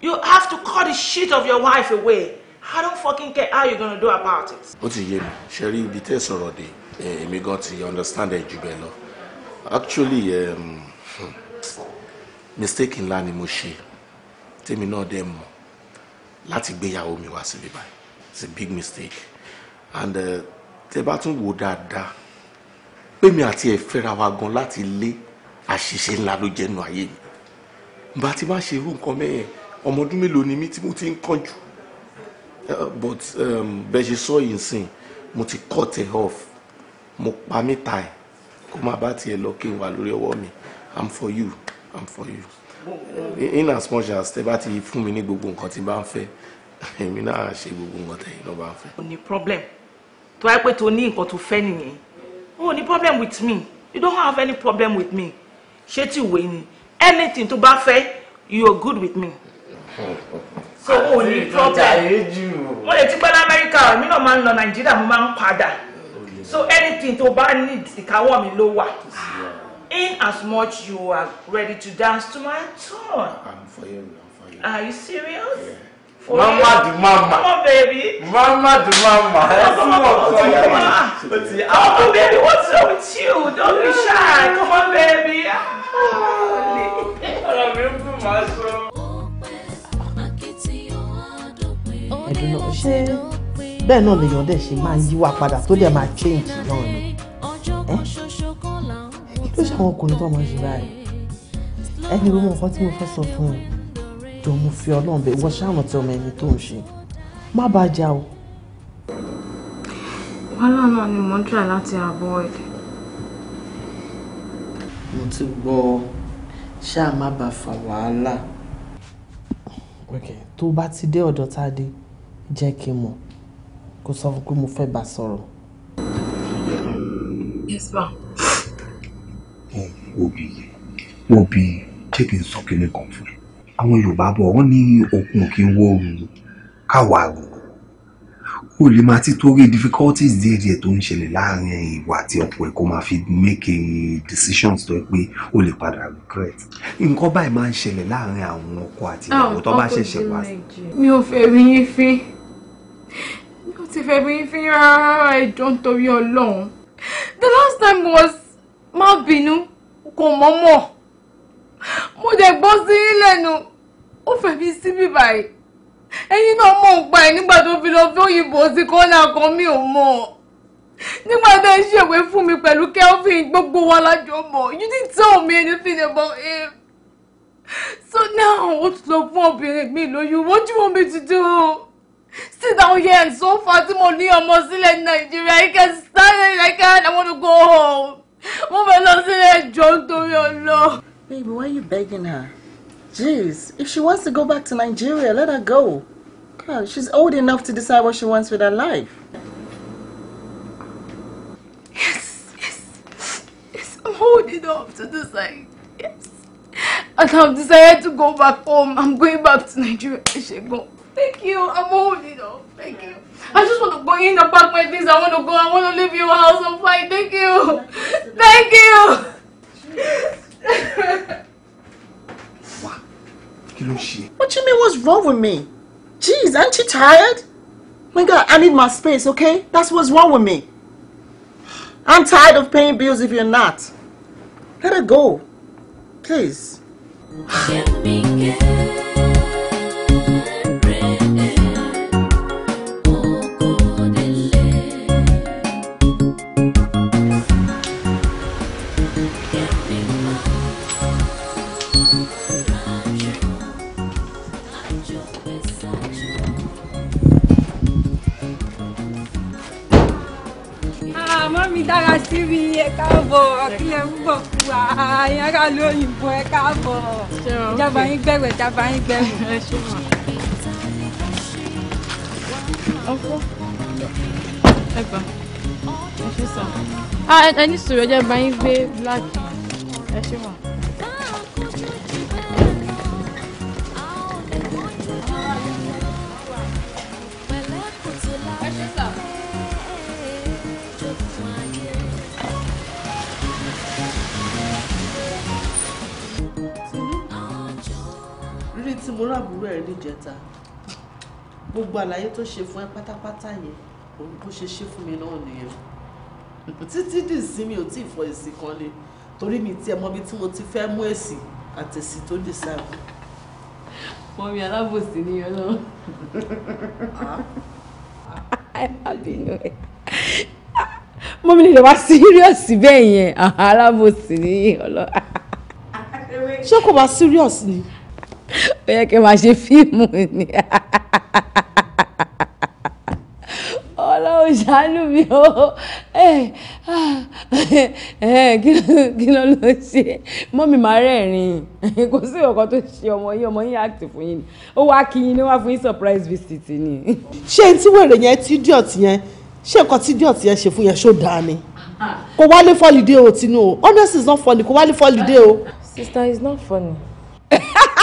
C: you have to cut the shit of your wife away. I don't fucking care how you're gonna do about it.
B: ó ti yé mi ṣe rí ibi tẹ́ sọ̀rọ̀ dé èmi understand ẹ̀ jù bẹ́ẹ̀ actually um, mistake in ni mo ṣe tèmi náà dẹ̀ mọ̀ láti gbéyàwó mi wá síbí báyìí it's a big mistake and eh, tẹ́ bá tún wò dáadáa pé mi ati ẹ̀ fẹ́ra wa gan láti lé àṣìṣe ńlá ló jẹ́nu ayé mi bá ti má ṣe irú nǹkan mẹ́yẹn ọmọ ọdún ni mí tí mo ti ń Uh, but um, bẹ́ẹ̀ ṣe sọ yìí sìn mo ti cut ẹ̀ off mo pa mí ta ẹ̀ kó má bá tiẹ̀ lọ kí n wà lórí ọwọ́ mi i'm for you i'm for you
D: uh,
B: in as much as tẹ bá ti fún mi ní gbogbo nǹkan tí bá ń fẹ́ èmi náà ṣe gbogbo
C: nǹkan tẹ̀yìn náà bá ń fẹ́. o ní problem tó wáyé pé tó ní nǹkan tó fẹ́ nìyẹn o ní problem with me you don't have any problem with me ṣé tí ìwé ni anything tó bá fẹ́ you are good with me. so ah, o oh, ní problem mo lè ti pẹ́ lamẹ́ríkà èmi náà máa ń lọ nàìjíríà mo máa ń padà so anything tó bá need ìkáwọ́ mi ló wà in as much you are ready to dance to my tune. I'm for you. Are you serious? Yeah. For mama you? mama. Come on,
E: baby. Mama the mama. Come on, come on, come on. Ah. baby. What's wrong
D: with you? Don't be shy. Come on, baby. Oh, ẹ̀dùn náà ṣé
A: bẹ́ẹ̀ náà lèèyàn dẹ̀ ṣe máa ń yíwà padà tó dẹ̀ máa change náà ni ẹ́ kí ló ṣe àwọn ọkùnrin tó máa ń ṣe báyìí ẹni rú mọ nǹkan tí mo
C: fẹ́ sọ fún un jọ mo fi ọlọ́run bẹ wọ ṣáà rántí ọmọ ẹni tó ń ṣe má bàa jà o.
A: wàhálà náà ni mò ń try láti avoid.
F: mo ti gbọ́ ṣáà má bàa fa wàhálà.
C: tó bá ti dé ọ̀dọ̀ tá a dé jẹ́ kí n mọ̀ kó sọ fún pé mo fẹ́ bá sọ̀rọ̀.
F: yes
A: ma.
G: òbí òbí jẹ́ kí n sọ kíní kan fún ẹ àwọn Yorùbá bọ̀ wọ́n ní okun kì í wọ oòrùn káwa rò o lè máa ti torí difficulties díẹ̀ díẹ̀ tó ń ṣẹlẹ̀ láàrin ìwà àti ọkọ ẹ̀ kó máa fi make decisions tó yẹ pé o lè padà regret nǹkan báyìí máa ń ṣẹlẹ̀ láàrin àwọn ọkọ àti ìyàwó oh, tó bá ṣẹ̀ṣẹ̀ wá.
A: mi ò fẹ́ rí yín fín mi ò ti fẹ́ rí yín fín rárá ẹ̀jọ̀ nítorí ọlọ́run the last time was má bínú kò mọ́mọ́ mo dẹ̀ gbọ́ sí lẹ́nu ó fẹ́ mi sí bíbáyìí ẹ̀yin náà mọ̀ ń pa ẹ̀ nígbà tó fi lọ fi òyìnbó sí kọ́nà kan mi ò mọ̀ nígbà tó ń ṣèwé fún mi pẹ̀lú Kelvin gbogbo wa lájọ mọ̀ you didn't tell me anything about him so now ó ti lọ fún obìnrin mi lóyún what do you want me to do sit down here and so far tí mo ní ọmọ sílẹ̀ ní Nàìjíríà I can stand it I can I want to go home mo fẹ́ lọ sílẹ̀ ẹjọ́ nítorí ọlọ́.
F: Baby, why you begging her? Jeez, if she wants to go back to Nigeria, let her go. God, she's old enough to decide what she wants with her life.
A: Yes, yes, yes, I'm old enough to decide. Yes.
F: And I've decided
A: to go back home. I'm going back to Nigeria. go. Thank you. I'm old enough. Thank you. I just want to go in and pack my things. I want to go. I want to leave your house. I'm fine. Thank
F: you. Thank you.
I: what
F: you mean what's wrong with me jeez aren't you tired my god i need my space okay that's what's wrong with me i'm tired of paying bills if you're not let her go please.
A: káàbọ̀ kílẹ̀ ń bọ̀ fún wa àyàn ara lóyìnbó ẹ káàbọ̀ ìjàmbá yín gbẹ̀rẹ̀ ìjàmbá yín gbẹ̀rẹ̀. Ah, ẹ ní sùúrù ẹ jẹ́ bá gbé black ẹ ṣe wà. tí mo rábùrú ẹ̀ níjẹta gbogbo àlàyé tó ṣe fún ẹ
C: pátápátá yẹn òun bó ṣe ṣe fún mi náà nìyẹn títí dì sí mi ò tí ì fọ èsì kan lé torí mi tiẹ̀ mọ́bi tí mo ti fẹ́ mú èsì àtẹ̀sí tó dì sáàbù.
A: wọ́n mi alábòsí níyàn náà. Ah, ẹ má wá serious bẹ́ẹ̀ yẹn ah, alábòsí níyàn náà. Ah, ṣé kò bá serious ni ó yẹ kí n máa ṣe fíìmù ni ọlọ́run ṣàánú mi o kí ló ló ṣe mọ́mì máa rẹ́rìn kò sí ọ̀kan tó ṣe ọmọ yín ọmọ yín act fún yín ó wá kí yín ní wá fún yín surprise visit ni. ṣé n tí
C: wèrè yẹn tí idiot yẹn ṣé nǹkan tí idiot yẹn ṣe fún yẹn ṣó dáa ni kò wálé fọ́lìdé o tinú o honestly it's not funny kò wálé fọ́lìdé o.
A: sister it's not funny.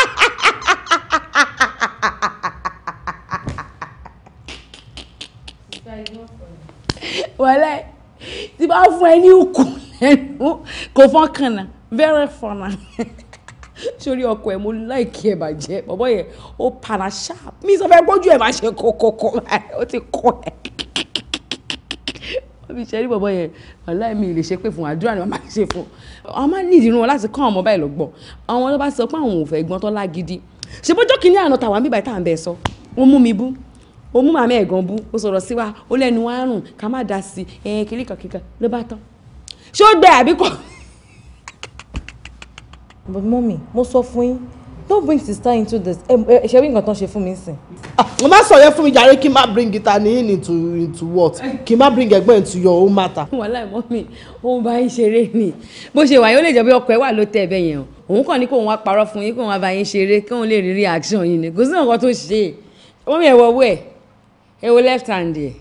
A: wàhálà tí bá fún ẹ ní òkú lẹ́nu kò fọ́n kànnà very fọ́nà sórí ọkọ ẹ mo láìkí ẹ bàjẹ́ bọ́bọ́ yẹn ó para sharp mi sọ fẹ́ gbójú ẹ má ṣe kókókó ó ti kọ́ ẹ bí ṣe rí bọ̀bọ̀ yẹn wàláì mi lè ṣe pé fún àdúrà ni wọ́n máa ṣe fún ọ máa ní ìdí irun wọn láti kọ́ àwọn ọmọ báyìí lọ́gbọ̀n àwọn ọlọ́ba sọ pé àwọn ò fẹ́ gbọ́n tó lágídí ṣèbójọ́ kìíní àná tàwa ń bíbá ìta ń bẹ̀ sọ ó mú mi bú ó mú màmá ẹ̀gàn bú ó sọ̀rọ̀ sí wa ó lẹ́nu wa ká má da sí ẹ̀ kíríkan kíríkan ló bá tán ṣé ó gbẹ àbí mọ́mì mo sọ fún yín don't bring sister into this ẹ ṣe wí nǹkan tán ṣe fún mi sìn. Ah, mo máa sọ yẹn fún mi jàre kí n má bring it and in into into what kí n má bring ẹgbẹ́ into your own matter. wàhálà ẹ̀mọ́ mi òun bá yín ṣeré ni bó ṣe wà yóò lè jẹ́ bí ọkọ ẹ̀ wà ló tẹ̀ ẹ̀bẹ̀ yẹn o òun kàn ní kó òun wá parọ́ fún yín kó òun wá bá yín ṣeré kí òun lè rí reaction yín ni kò sí nǹkan tó ṣe wọ́n mi ẹ̀ wọ owó ẹ̀ ẹ̀ wo left hand ẹ̀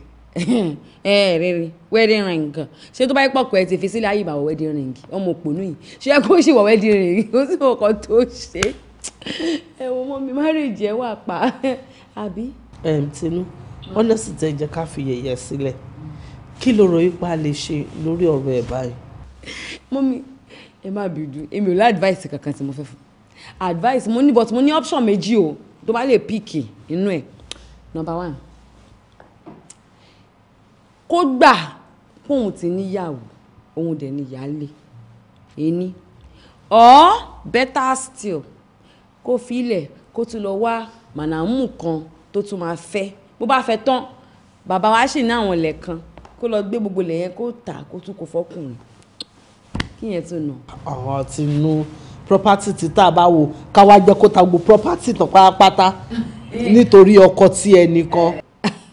A: ẹ rere wedding ring ṣé tó bá yẹ pọ̀kọ̀ ẹ ti fi sílẹ̀ ayé ìbàwọ̀ wedding ring ọmọ òpònú yìí ṣé kó sì wọ̀ wedding ring kó sì wọ̀ kan tó ṣe é ẹ wo mọ mi márèjì ẹ wà pa àbí.
C: ẹ ǹ tinú honestly tẹ jẹ́ ká fi yẹ̀yẹ́ sílẹ̀ kí ló ròyìn pa lè ṣe lórí ọ̀rọ̀ ẹ̀ báyìí.
A: mọ́mí ẹ má bìdú èmi ò lá advice kankan tí mo fẹ́ fún advice mo ní but mo ní option méjì o tó bá lè píìkì inú ẹ̀ number one kó gbà póun ti níyàwó òun dẹ̀ níyàálé ẹni or better still kó fi ilẹ̀ kó tún lọ wá mànàmú kan tó tún máa fẹ́ bó bá fẹ́ tán bàbá wa sì ní àwọn ilẹ̀ kan kó lọ gbé gbogbo ilẹ̀ yẹn kó tà kó tún kó fọkùnrin
C: kí yẹn tún nà. àwọn ti nu property títà bá wo káwá jẹ́ kó ta gbogbo property tán pátápátá eh. nítorí ọkọ tí ẹnì kan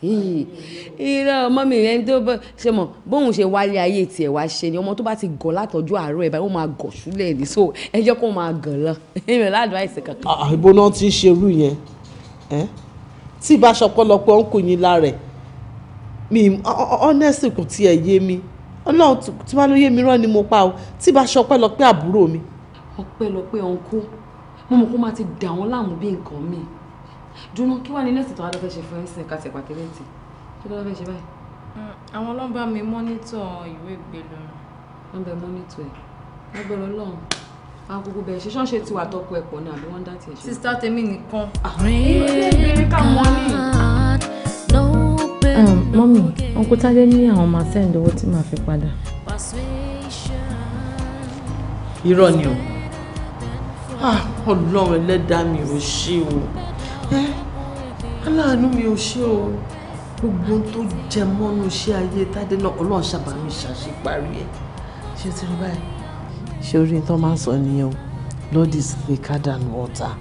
A: irọ́ ọmọ mi ẹni tó ṣe mọ̀ bóun ṣe wálé ayé tiẹ̀ wá ṣe ni ọmọ tó bá ti gọ̀ látọjọ́ àárọ̀ ẹ̀ báyìí ó máa gọ̀ ṣúlẹ̀ ni so ẹ jẹ́ kó máa gàn lọ èèyàn ládùúgbàìsì kankan. àìbò
C: ah, ah, náà ti ń ṣerú yẹn tí ìbá ṣọpọlọpọ ń kò yín lára ẹ mi honestly kò tiẹ̀ yé mi ọlọ́run tí wàá ló yé mi rán ni mo pa o tí ìbá ṣọpẹ́lọpẹ́ àbúrò mi.
A: ọpẹ́lọpẹ́ ọ̀nkú mo mọ̀ kó máa ti dà wọ́n láàmú bí nǹkan mi dúró kí wàá ní nẹ́ẹ̀sì tó wá lọ ṣe fún ẹ̀sìn kàtẹ́ pàtẹ́lẹ́tì kí ló ṣe báyìí. Mm, àwọn ló mi mọ́nítọ̀ ìwé ìgbélú rẹ̀. wọ́n bẹ mọ́nítọ̀ ẹ̀ lágbára ọlọ́run àwọn gbogbo bẹ̀rẹ̀ ṣe ṣọ́ọ̀ṣe tiwa tọkọ ẹ̀pọ̀ ni àbí wọ́n dá tiẹ̀ ṣe. sísá tèmi nìkan. Ah. Um, mọ́mì ọkọ Tádé ní àwọn máa send owó tí màá fi padà. irọ́ ni o ah, ọlọ́run ẹlẹ́dàá
C: mi ò ṣe o.
A: Eh? aláàánú mi ò ṣe o gbogbo tó jẹ mọ́nú iṣẹ́ ayé tádé náà ọlọ́run ṣàbàmì ṣàṣeparí ẹ̀ ṣé ti rí báyìí. ṣé orí tó máa ń sọ nìyẹn o blood is thicker than water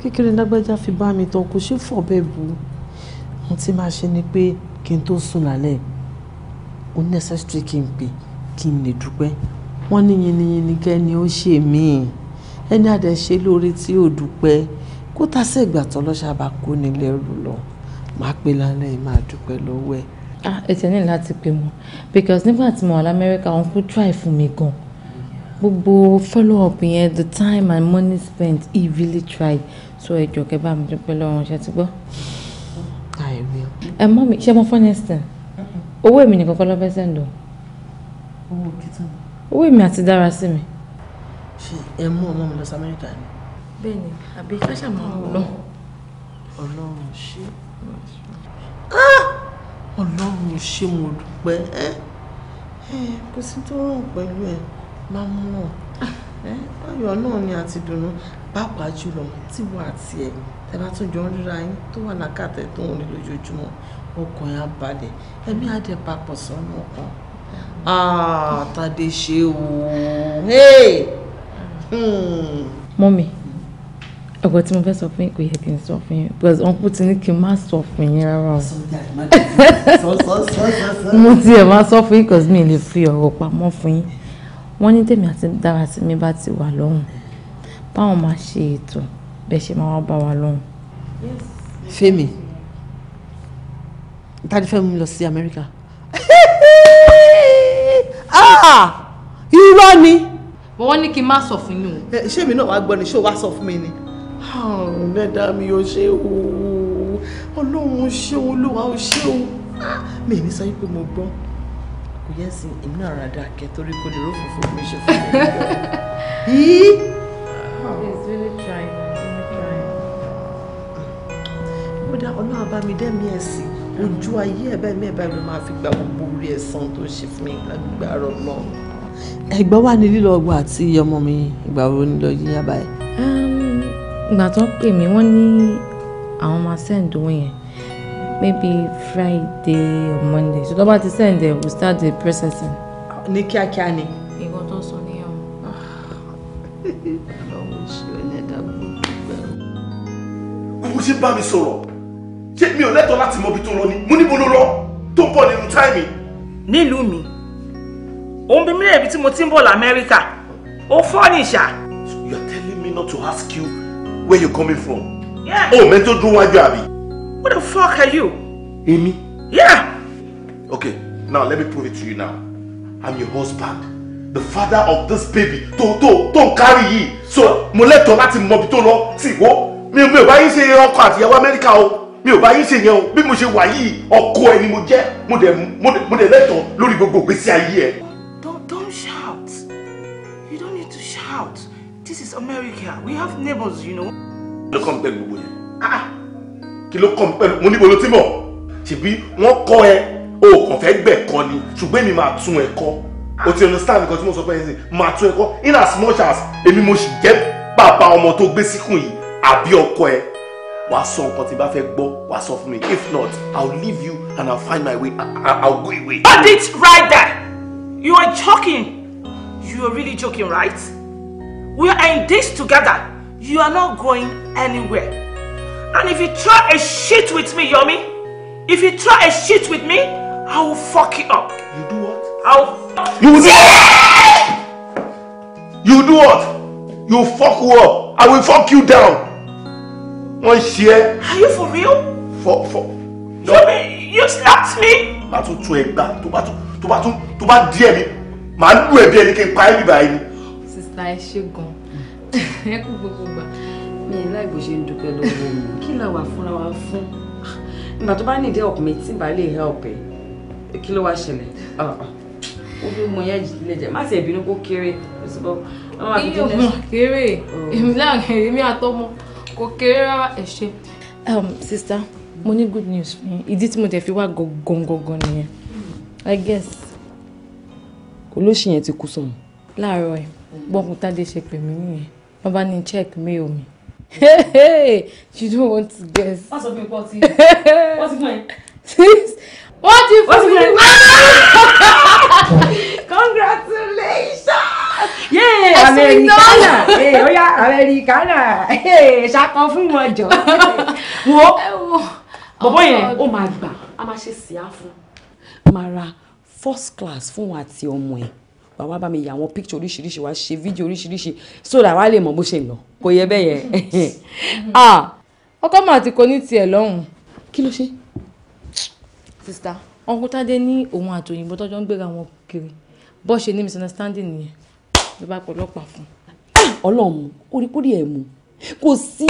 A: kékeré lágbájá fi bá mi tán kò ṣe fọ̀bẹ bu mo ti máa ṣe ni pé kí n tó sùn lálẹ́ o necessary kí n pè kí n lè dúpẹ́ wọ́n ní yinyinyin kẹ́ni ó ṣe mí ẹni àdẹ̀ṣe lóore tí ò dúpẹ́ kó tá sí ìgbà tó lọ́ṣà bá kó nílé ẹrù lọ máa pé lálẹ́ yìí máa dúpẹ́ lọ́wọ́ ẹ̀. ah ètò ní láti pè mọ because nígbà tí mo wà lamẹ́ríkà wọn kò try fún mi gan gbogbo follow up yẹn the time and money spent he really tried so ẹjọ kẹ bá mi dúpẹ́ lọ́wọ́ ṣe ti gbọ́. ẹ mọ mi ṣe mo fọ́ next time owó èmi nìkan kọ́ lọ́fẹ́ sẹ́ńdọ̀ owó èmi àti dára sí mi. ṣe ẹ mú ọmọ mi lọ sí amẹ́ríkà ni bẹ́ẹ̀ ni àbí ṣáṣà máa ń lọ.
C: ọlọ́run ṣé
F: ah! ọlọ́run ṣé mo dúpẹ́ ẹ́ kò sí tó ràn pẹ̀lú ẹ̀ máa mú ọ ọyọ náà ni àti dùnú pàápàá jùlọ tí wọ́n àti ẹ̀ tẹ́ bá tún jọ ń ríra yín tó wà lákàtẹ́ tó ń rí
A: lójoojúmọ́ ọkàn yẹn á balẹ̀ ẹbí á dẹ̀ papọ̀ sọ́nà ọkàn ah,
C: tàdé ṣe o. mọ́mi. Hey! Hmm
A: ọkọ tí mo fẹ́ sọ fún yín kò yẹ kí n sọ fún yín because uncle ti ní kí n má sọ fún yín rárá o mo tiẹ̀ má sọ fún yín because mi lè fi ọ̀rọ̀ pamọ́ fún yín wọ́n ní tèmi àti dára tí mi bá ti wà lọ́hùn báwọn máa ṣe ètò bẹ́ẹ̀ ṣe máa wá bá wa lọ́hùn. Fẹ́mi tani fẹ́ mú lọ sí Amẹ́ríkà ah! irọ́ ni. wọ́n ní kí n má sọ fún yín o. ṣé èmi náà wàá gbọ́ ni ṣé o wá
F: sọ fún mi ni
C: lẹ́dàá mi ò ṣe o ọlọ́run ṣe o olúwa ò ṣe o
F: mi ní sáyé pé mo gbọ́ kò yẹ sí èmi náà ra
C: dákẹ́ torí kò lè rófòfò mi ṣe fún mi.
A: kódà ọlọ́run bá mi dẹ́mi ẹ̀ sí ojú ayé ẹ̀ bẹ́ẹ̀ mẹ́ẹ̀ báyìí máa fi gba gbogbo orí ẹ̀san tó ṣe fún mi lágbára ọlọ́run. ẹ̀gbọ́n wà ní lílọ ọgbà àti ọmọ mi ìgbà wo ni lọ yíyá báyìí ìgbà tó ń pè mí wọ́n ní àwọn máa send owó yẹn maybe Friday or Monday so tó bá ti send it we start the processing. ní kíákíá ni.
C: ìwọ tó sọ nìyẹn o. ọlọ́run ṣe ẹlẹ́dà gbogbo ẹ̀. kókó ṣe bá mi sọ̀rọ̀ ṣé mi ò lẹ́tọ̀ọ́ láti mọ ibi tó lọ ni mo níbo ló lọ tó ń bọ̀ nínú táìmì. nílùú mi òun bí mílíọ̀nù ibi tí mo ti ń bọ̀ lamẹ́ríkà ó fọ́ nìṣà.
B: you are telling me not to ask you where you coming from?
D: Yeah. Oh, mental
B: mẹ́tò dún wájú àbí.
C: What the fuck are you?
B: Amy. Yeah. Okay, now let me prove it to you now. I'm your husband, the father of this baby tó tó tó ń kárí yìí. So mo lẹ́tọ̀ọ́ láti mọ ibi tó lọ sí ìwọ. Mi ò bá yín ṣe ọkọ àtìyàwó Amẹ́ríkà o. Mi ò bá yín ṣe yẹn o. Bí mo ṣe wà yìí, ọkọ ẹ ni mo jẹ́. Mo dẹ̀ lẹ́tọ̀ọ́ lórí gbogbo ìgbésí ayé ẹ.
C: is America. We have neighbors, you know.
B: Kí ló kàn pẹ̀lú gbogbo
C: yẹn?
B: Kí ló kàn pẹ̀lú? Mo níbo ló ti mọ̀? Ṣèbí wọ́n kọ́ ẹ, o kàn fẹ́ gbẹ̀ kọ́ ni, ṣùgbọ́n èmi máa tún ẹ kọ́. O ti understand because tí mo sọ fún ẹ ṣe, máa tún ẹ In as much as èmi mo sì jẹ́ bàbá ọmọ tó gbé síkùn yìí àbí ọkọ ẹ, wàá sọ nǹkan tí n bá fẹ́ gbọ́, wàá sọ mi. If not, I'll leave you and I'll find my way. I, I, I go away. But
C: it's right there! You are joking! You are really joking, right? We are in this together. You are not going anywhere. And if you try a shit with me, Yomi, if you try a shit with me, I will fuck you up. You do what? I'll. fuck you. Will do You do what? You fuck who up. I will
B: fuck you down. One share. Are you for real? For for. No. Yomi, you slapped me. Màá to tún ẹgbàá tó bá tún tó bá tún tó bá díẹ̀ mi. Màá lù ẹ́ bí ẹni kí n
A: sista ẹ ṣe gan mm. ẹ kú gbogbo gbà. mi ì láì bó ṣe ń dúpẹ́ lọ́wọ́ mi kí la wà fúnra wa fún ìgbà tó bá ní ìdí ọkùnrin tí bá lè help ẹ kí ló wá ṣẹlẹ̀ ah, ah, ah. ó fi mọ yẹn lè jẹ má sì ẹ̀ bínú kó kéré ṣùgbọ́n ọmọ àbí jẹ́ lẹ́sìn. kéré oh. èmi láàrin èmi àtọmọ kò kéré rárá ẹ ṣe. Um, sista mo ní good news fún yín ìdí tí mo tẹ̀ fi wá gangan nìyẹn i guess
K: olóṣìyẹn ti kú sọ̀rọ̀.
A: láàárọ̀ ẹ̀ gbọ́nkùn tádé ṣe pè mí nìyẹn wọ́n bá ní check mail mi. you don't want to guess. wọ́n sọ fún mi pọ̀ tí wọ́n ti fún ẹ. wọ́n ti fún mi.
D: congratulations.
A: yéé amẹ́ríkánà ó yá amẹ́ríkánà ṣàkọ fún wọn jọ. wo
J: bọ̀bọ̀ yẹn ó máa
A: gbà á máa ṣe síá fún. máa first class fún wa àti ọmọ ẹ̀ wà wá bá mi yà àwọn picture oríṣiríṣi wá ṣe fídíò oríṣiríṣi so that wà á lè mọ bó ṣe lọ kò yẹ
K: bẹ́ẹ̀ yẹn.
A: Ah. ọkọ mà ti kò ní tiẹ̀ lọ́hùn. kí ló ṣe. sista ọkùntàdé ní òun àtòyìnbó tọjọ ń gbéra wọn kiri bó ṣe ní misunderstanding nìyẹn ló bá pọ̀ lọ́pàá fún. Ah! ọlọ́run oríkúrí ẹ̀ mú kò sí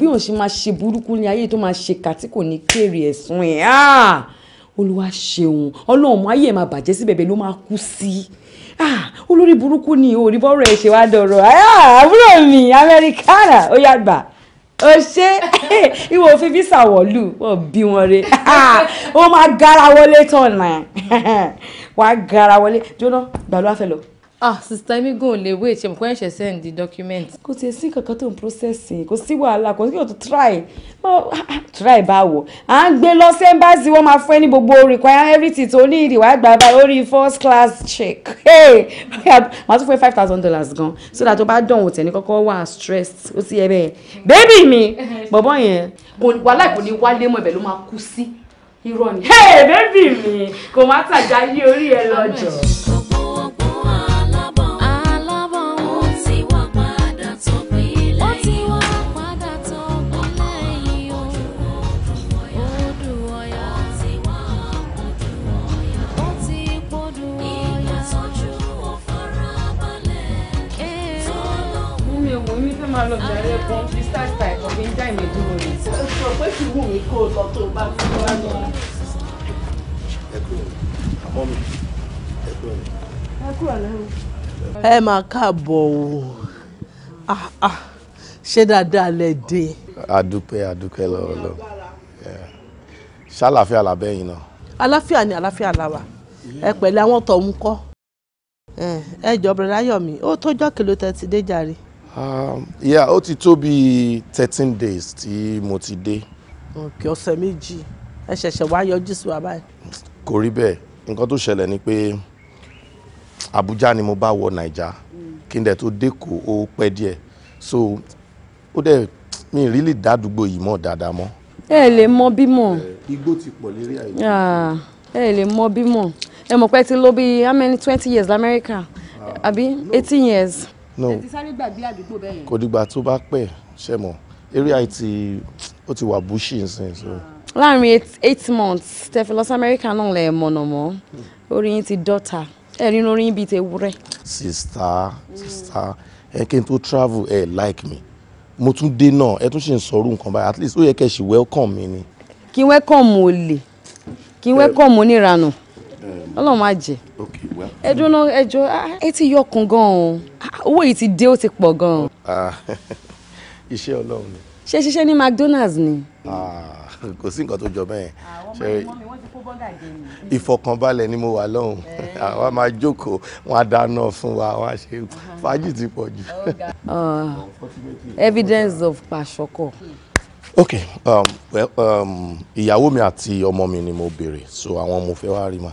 A: bí òun ṣe máa ṣe burúkú ní ayé tó máa ṣe kà tí kò ní kéré ẹ̀sùn ẹ̀ ah! olúwa ṣeun ayé ẹ̀ máa bàjẹ́ sí bẹ̀bẹ̀ ló máa kú sí i Ah, olórí burúkú ni ò rí bọ́ọ̀rọ̀ ẹ̀ ṣe wá dọ̀rọ̀ ah, àbúrò mi amẹ́ríkánà ó yá gbà ó ṣe ìwọ òfin fisa wọ̀lú wọ́n bí wọn re ah, ó máa gara wọlé tán náà wàá gara wọlé jóná gbàlú àfẹ́ lọ ah sista emi gan le wait ṣe nǹkan ẹ̀ṣẹ̀ send the document. kò tiẹ̀ sí kankan tó ń processing kò sí wàhálà kò sí kò tó try ah, ah, try báwo à ń gbé lọ sí embassy wọ́n máa fún ẹ gbogbo require everything tó ní ìdìwà àgbà bá lórí first class check màá tún fún ẹ five thousand dollars gan so that o bá dán òtẹ̀ ní kọ́kọ́ wà stressed ó sì yẹ bẹ́ẹ̀ bébì mi bọ̀bọ̀ yẹn wàhálà kò ní wálé mọ́ ibẹ̀ ló máa kú sí irọ́ ni bébì mi kò má tàjà yí orí ẹ lọ́jọ́. wọn fi star style kan fi ń dá ìmì dúró rẹ̀. ó sọ pé kí wù mí kó o lọ tó o bá
B: ẹ máa káàbọ̀ o ah, ah. ṣé
C: dáadáa lẹ dé.
B: adúpẹ́ adúpẹ́ lọ́wọ́lọ́ ṣàlàfíà làbẹ́yìn náà.
C: aláfíà ni aláfíà làwà ẹ pẹ̀lú àwọn tọ̀hún kọ́
A: eh, ẹ jọ bẹ̀rẹ̀ láyọ̀ mi ó tó jọ́ kìlótẹ́ ti dé jàre.
B: Um, yeah ó ti tó bíi thirteen days tí mo ti dé.
C: òkè ọ̀sẹ̀ méjì ẹ ṣẹ̀ṣẹ̀ wá yọjú sí wa báyìí.
B: kò rí bẹ́ẹ̀ nǹkan tó ṣẹlẹ̀ ni pé Abuja ni mo bá wọ Naija kí n dẹ̀ tó dẹ́kọ̀ ó pẹ́ díẹ̀ so ó dẹ̀ mi really dádúgbò yìí mọ̀ dáadáa mọ́.
A: ẹ lè mọ bímọ.
B: Eh, igbó ti pọ̀ lérí àyè. Ah,
A: ẹ lè mọ bímọ ẹ mọ̀ pé ti lò bíi how many twenty years lamẹ́ríkà ah, àbí eighteen years no ẹ ti sáré gbàgbé àdúgbò bẹ́ẹ̀
B: yẹn. kò dìgbà tó bá pẹ́ ṣe mọ̀ area yìí ti ó ti wà bushy nsìn so. Ah.
A: láàrin eight months tẹfẹ lọ sí amẹ́ríkà náà lẹ̀ mọ̀nà mọ́ hmm. orí yín ti dọ́ta ẹ rí orí yín bíi ti ewúrẹ́.
B: sista sista ẹ kí n tó travel ẹ like me mo tún dé náà ẹ tún ṣe ń sọ̀rọ̀ nǹkan báyìí at least ó yẹ kẹ́ ẹ ṣì welcome mi ni. kí welcome olè
A: kí welcome oníranù. Um, ọlọ́run má jẹ́ ẹdùn náà ẹjọ́ ẹ ti yọkun gan-an owó yìí ti dé ó ti pọ̀ gan-an.
D: Ah,
B: iṣẹ́ ọlọ́run ni.
A: ṣé ṣiṣẹ́ ní McDonald's ni.
B: Ah, kò sí nǹkan tó jọ bẹ́ẹ̀ ah, ṣe ìfọkànbalẹ̀ ni mo wà lọ́hùn eh. àwa máa jókòó wọn á dáná fún wa wọn á ṣe uh-huh. fàájì ti pọ̀ jù. Oh, evidence of pàṣọkọ̀ ok um, well, um, ìyàwó mi àti ọmọ mi ni mo béèrè so àwọn mo fẹ́ wá rí ma.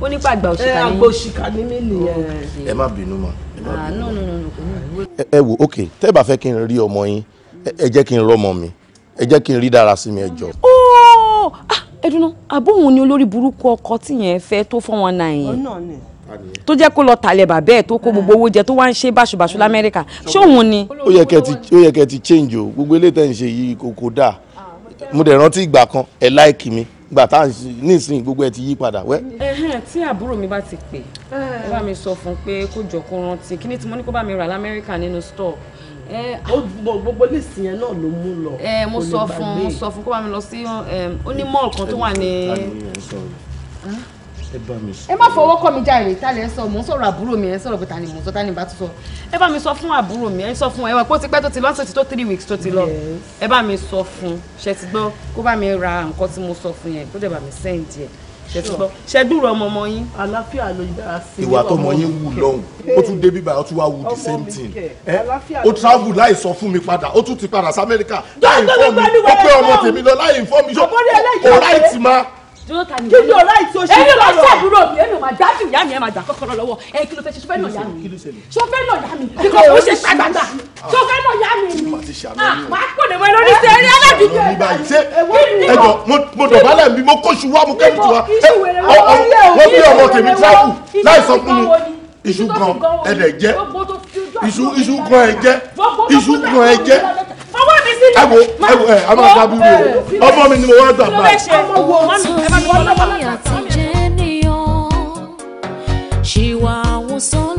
B: ó nípa àgbà òṣìkà ni. Eh, àgbà òṣìkà ni mí nìyẹn. ẹ má bínú ma. ẹ wo ah, ok tẹ́ ẹ bá fẹ́ kí n rí ọmọ yín ẹ jẹ́ kí n rọ́mọ mi ẹ jẹ́ kí n rí dára sí mi ẹ jọ.
A: ó ẹdùnú àbóhùn ni olórí burúkú ọkọ tíyẹn fẹ́ tó fọ́ wọn náà yẹn tó jẹ́ kó lọ tàlẹ̀ bàbẹ́ ẹ̀ tó kó gbogbo owó jẹ tó wá ń ṣe báṣubàṣu hmm. lamẹ́ríkà ṣóhun
B: ni. ó yẹ kẹ́ ti ó yẹ kẹ́ ti change o gbogbo eléyìí tẹ̀ ń ṣe yìí kò kò dáa ah, mo dẹ̀ rántí ìgbà kan ẹ̀ láìkì mi gbà tá nísìnyí gbogbo ẹ ti yí padà wẹ.
K: tí àbúrò mi
A: bá ti pè ẹ bá mi sọ fún un pé kó jọ kó rántí kí ni tí mo ní kó bá mi rà lamẹ́ríkà nínú store. gbogbo lèsì yẹn náà ló mú lọ. mo sọ fún mo sọ fún kó bá mi lọ sí onímọ̀ kan tó wà ní
J: ẹ bá mi sọ. ẹ má fọwọ́
A: kọ́ mi járe ìtàlẹ̀ sọ mò ń sọ̀rọ̀ àbúrò mi ẹ sọ̀rọ̀ pé ta ni mò ń sọ ta ni bá tún sọ ẹ bá mi sọ fún àbúrò mi ẹ sọ fún ẹ wọ pé ó ti pẹ́ tó ti lọ́sẹ̀ tó three weeks tó ti lọ ẹ bá mi sọ fún ṣe ti gbọ́ kó bá mi ra nǹkan tí mo sọ fún yẹn kó dẹ̀ bá mi send yẹn ṣe ti gbọ́ ṣe dúró ọmọ ọmọ yín. àlàáfíà
C: ló dára sí ìwà tó mọ yín wù
B: lọ́hùn ó tún débí báyìí tún wá wù the same thing ẹ ó travel láì sọ fún mi padà ó tún ti padà sí Amẹ́ríkà láì fọ́ mi ó pé ọmọ tèmi lọ láì fọ́ mi ṣó
A: kò máa
D: dúró ta nìyẹn. kí ni ọ̀rá ìtò ṣe fọlọ. èmi máa ṣàbúrò mi èmi máa
A: dájú ìyá mi ẹ̀ máa gbà kọ́kọ́rọ́ lọ́wọ́ ẹ kí ló fẹ́ ṣe ṣọfẹ́ náà yá mi ṣọfẹ́ náà yá mi kíkọ́ ah. kó ṣe ṣàgbàgbà
C: ṣọfẹ́ náà yá mi ah, ni máa kó lè mọ ẹ lórí sẹ́rí aládùúgbò
A: ẹ̀ bá ṣe
B: ẹjọ mo dọ̀bálẹ̀ mi mo kóṣù wa mo kẹ́mi tiwa wọ́n bí ọmọ tèmi tíráàkù láì sọ fún mi iṣu gan ẹ̀dẹ̀ jẹ́ iṣu ẹ jẹ
D: iṣu ẹ jẹ
C: ọwọ́ mi ẹ a máa gba o ọmọ mi ni mo wá gbà bá a.
D: She was so